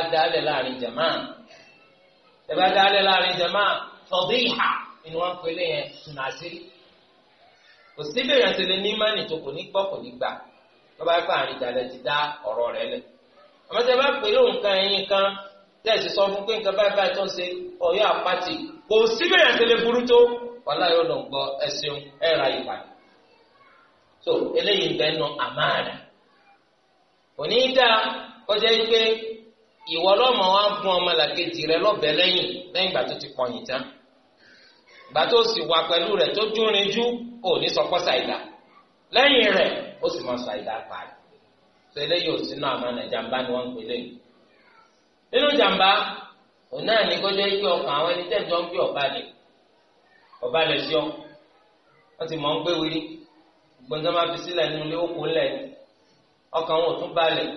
S1: ẹ bá dálẹ̀ láàrin jama fọdíhà ni wọ́n ń pè lé yẹn tùnà sírí kò sí bẹ̀rẹ̀ àti lè ní mánì tó kò ní gbọ́ kò ní gbà tó bá fà àrìn ìdálẹ̀ ti dá ọ̀rọ̀ rẹ̀ lẹ̀ àmọ́ tẹ bá pè ló nǹkan ẹyin kan tẹ̀sí sọ fún pé nǹkan báyìí báyìí tó ń ṣe ọ̀yọ́ àpáti kò sí bẹ̀rẹ̀ àti lè burú tó wàhálà yóò lọ gbọ́ ẹ̀sìn ẹ̀ra ìpàdé so eléyìí ń bẹ́ẹ̀ nu àmáàdà kò ní í dáa kọjá yìí pé ìwọ lọ́mọ wa gun ọmọlàkejì rẹ lọ́bẹ lẹ́yìn lẹ́yìn ìgbà tó ti kọ̀yìn tán ìgbà tó sì wà pẹ̀lú rẹ̀ tó dúnrin jú ò ní sọ pọ́sà ìdá lẹ́yìn rẹ̀ ó sì mọ sọ ìdá parí tó eléyìí ò sínú àmàna jàmbá ni wọ́n ń pè lẹ́yìn nínú jàmbá òun náà ní kọjá ikú ọkàn àwọn ẹni tẹ̀jọ́ ń gbé ọ̀bá lẹ̀ ọ̀bá lẹ̀ sí ọ wọ́n ti mọ̀ ń gbé wili gbọ̀ngàn máa fi sílẹ̀ nínú ilé ó kó lẹ̀ ọkàn wọn ò tún balẹ̀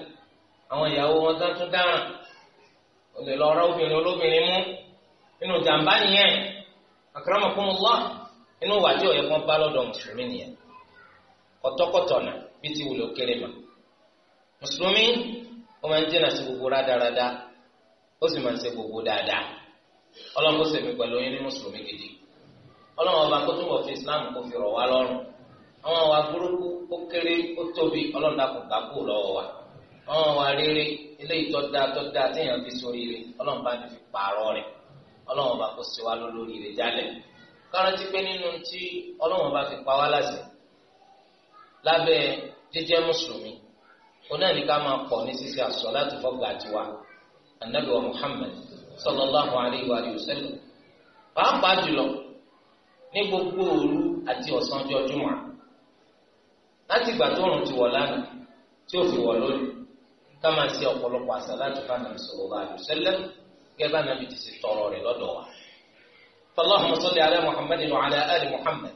S1: àwọn ìyàwó wọn tán tún dáràn ó lè lọ ọ̀rọ̀ obìnrin olóbìnrin mú nínú jàǹbá nìyẹn akramakumullah inú wà tí òye kan bá lọ́dọ̀ mùsùlùmí nìyẹn kọ̀tọ́kọ̀tọ̀ nà bí ti wùlò kéré mà mùsùlùmí ó máa ń jìnnà sí gbogbo rádaràda ó sì máa ń ṣe gbogbo dáadáa ọlọ́run sèmi pẹ̀lú yín ní mùsùlùmí gidi ọlọ́run ọba kó túbọ̀ fi islam kó fi rọ̀ wá lọ́rùn àwọn àwa burúkú ó kéré ó tóbi ọlọ́run gbàgbó lọ́wọ́ wa àwọn wà rere eléyìí tó dáa tó dáa téèyàn fi sórí rẹ̀ ọlọ́run bá ti fi pààrọ̀ rẹ̀ ọlọ́run bá kó sí wa lórí rẹ̀ jálẹ̀ kárántí pé nínú tí ọlọ́run bá fi pa wá láṣẹ lábẹ́ jíjẹ́ mùsùlùmí onáà ní ká máa pọ̀ ní sísè àṣọ láti fọ́gbà tiwa anabi wa muhammed sallallahu alayhi wa sallam pàápàá jùlọ ní gbogbo òru àti ọ̀sán ọjọ́ jùmọ̀ láti ìgbà tó rùn ti wọ̀ lánàá tí ó fi wọ̀ lónìí ká máa ṣe ọ̀pọ̀lọpọ̀ àsàlátù fún Ànábì sallallahu alaihi wasallam gẹ́gẹ́ bá Ànábì ti ṣe tọrọ rẹ̀ lọ́dọ̀ wa. Allahumma salli ala Muhammadin wa alẹ́ ali muhammed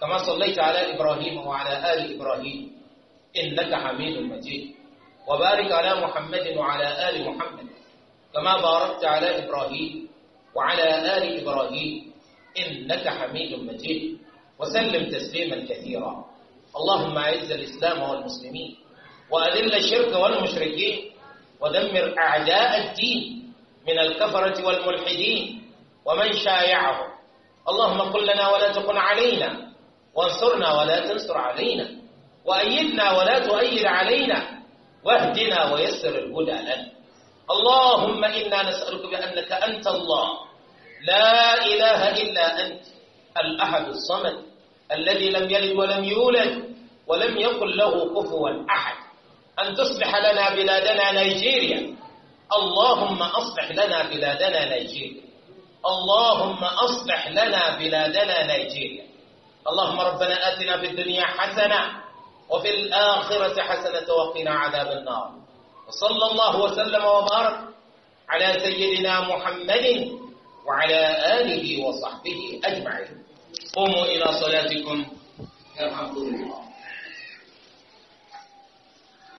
S1: kama sọlẹ́ ìtà alẹ́ Ibrahim wa alẹ́ ali Ibrahim innaka Hamidun Majid wa barik ala Muhammadin wa alẹ́ ali muhammed kama barakta alẹ́ Ibrahim wa alẹ́ ali Ibrahim innaka Hamidun Majid wa sallim tasliman kathira. اللهم أعز الإسلام والمسلمين وأذل الشرك والمشركين ودمر أعداء الدين من الكفرة والملحدين ومن شايعهم اللهم قل لنا ولا تكن علينا وانصرنا ولا تنصر علينا وأيدنا ولا تؤيد علينا واهدنا ويسر الهدى لنا اللهم إنا نسألك بأنك أنت الله لا إله إلا أنت الأحد الصمد الذي لم يلد ولم يولد ولم يكن له كفوا أحد أن تصلح لنا بلادنا نيجيريا اللهم أصلح لنا بلادنا نيجيريا اللهم أصلح لنا بلادنا نيجيريا اللهم ربنا آتنا في الدنيا حسنة وفي الآخرة حسنة وقنا عذاب النار وصلى الله وسلم وبارك على سيدنا محمد وعلى آله وصحبه أجمعين قوموا إلى صلاتكم يرحمكم الله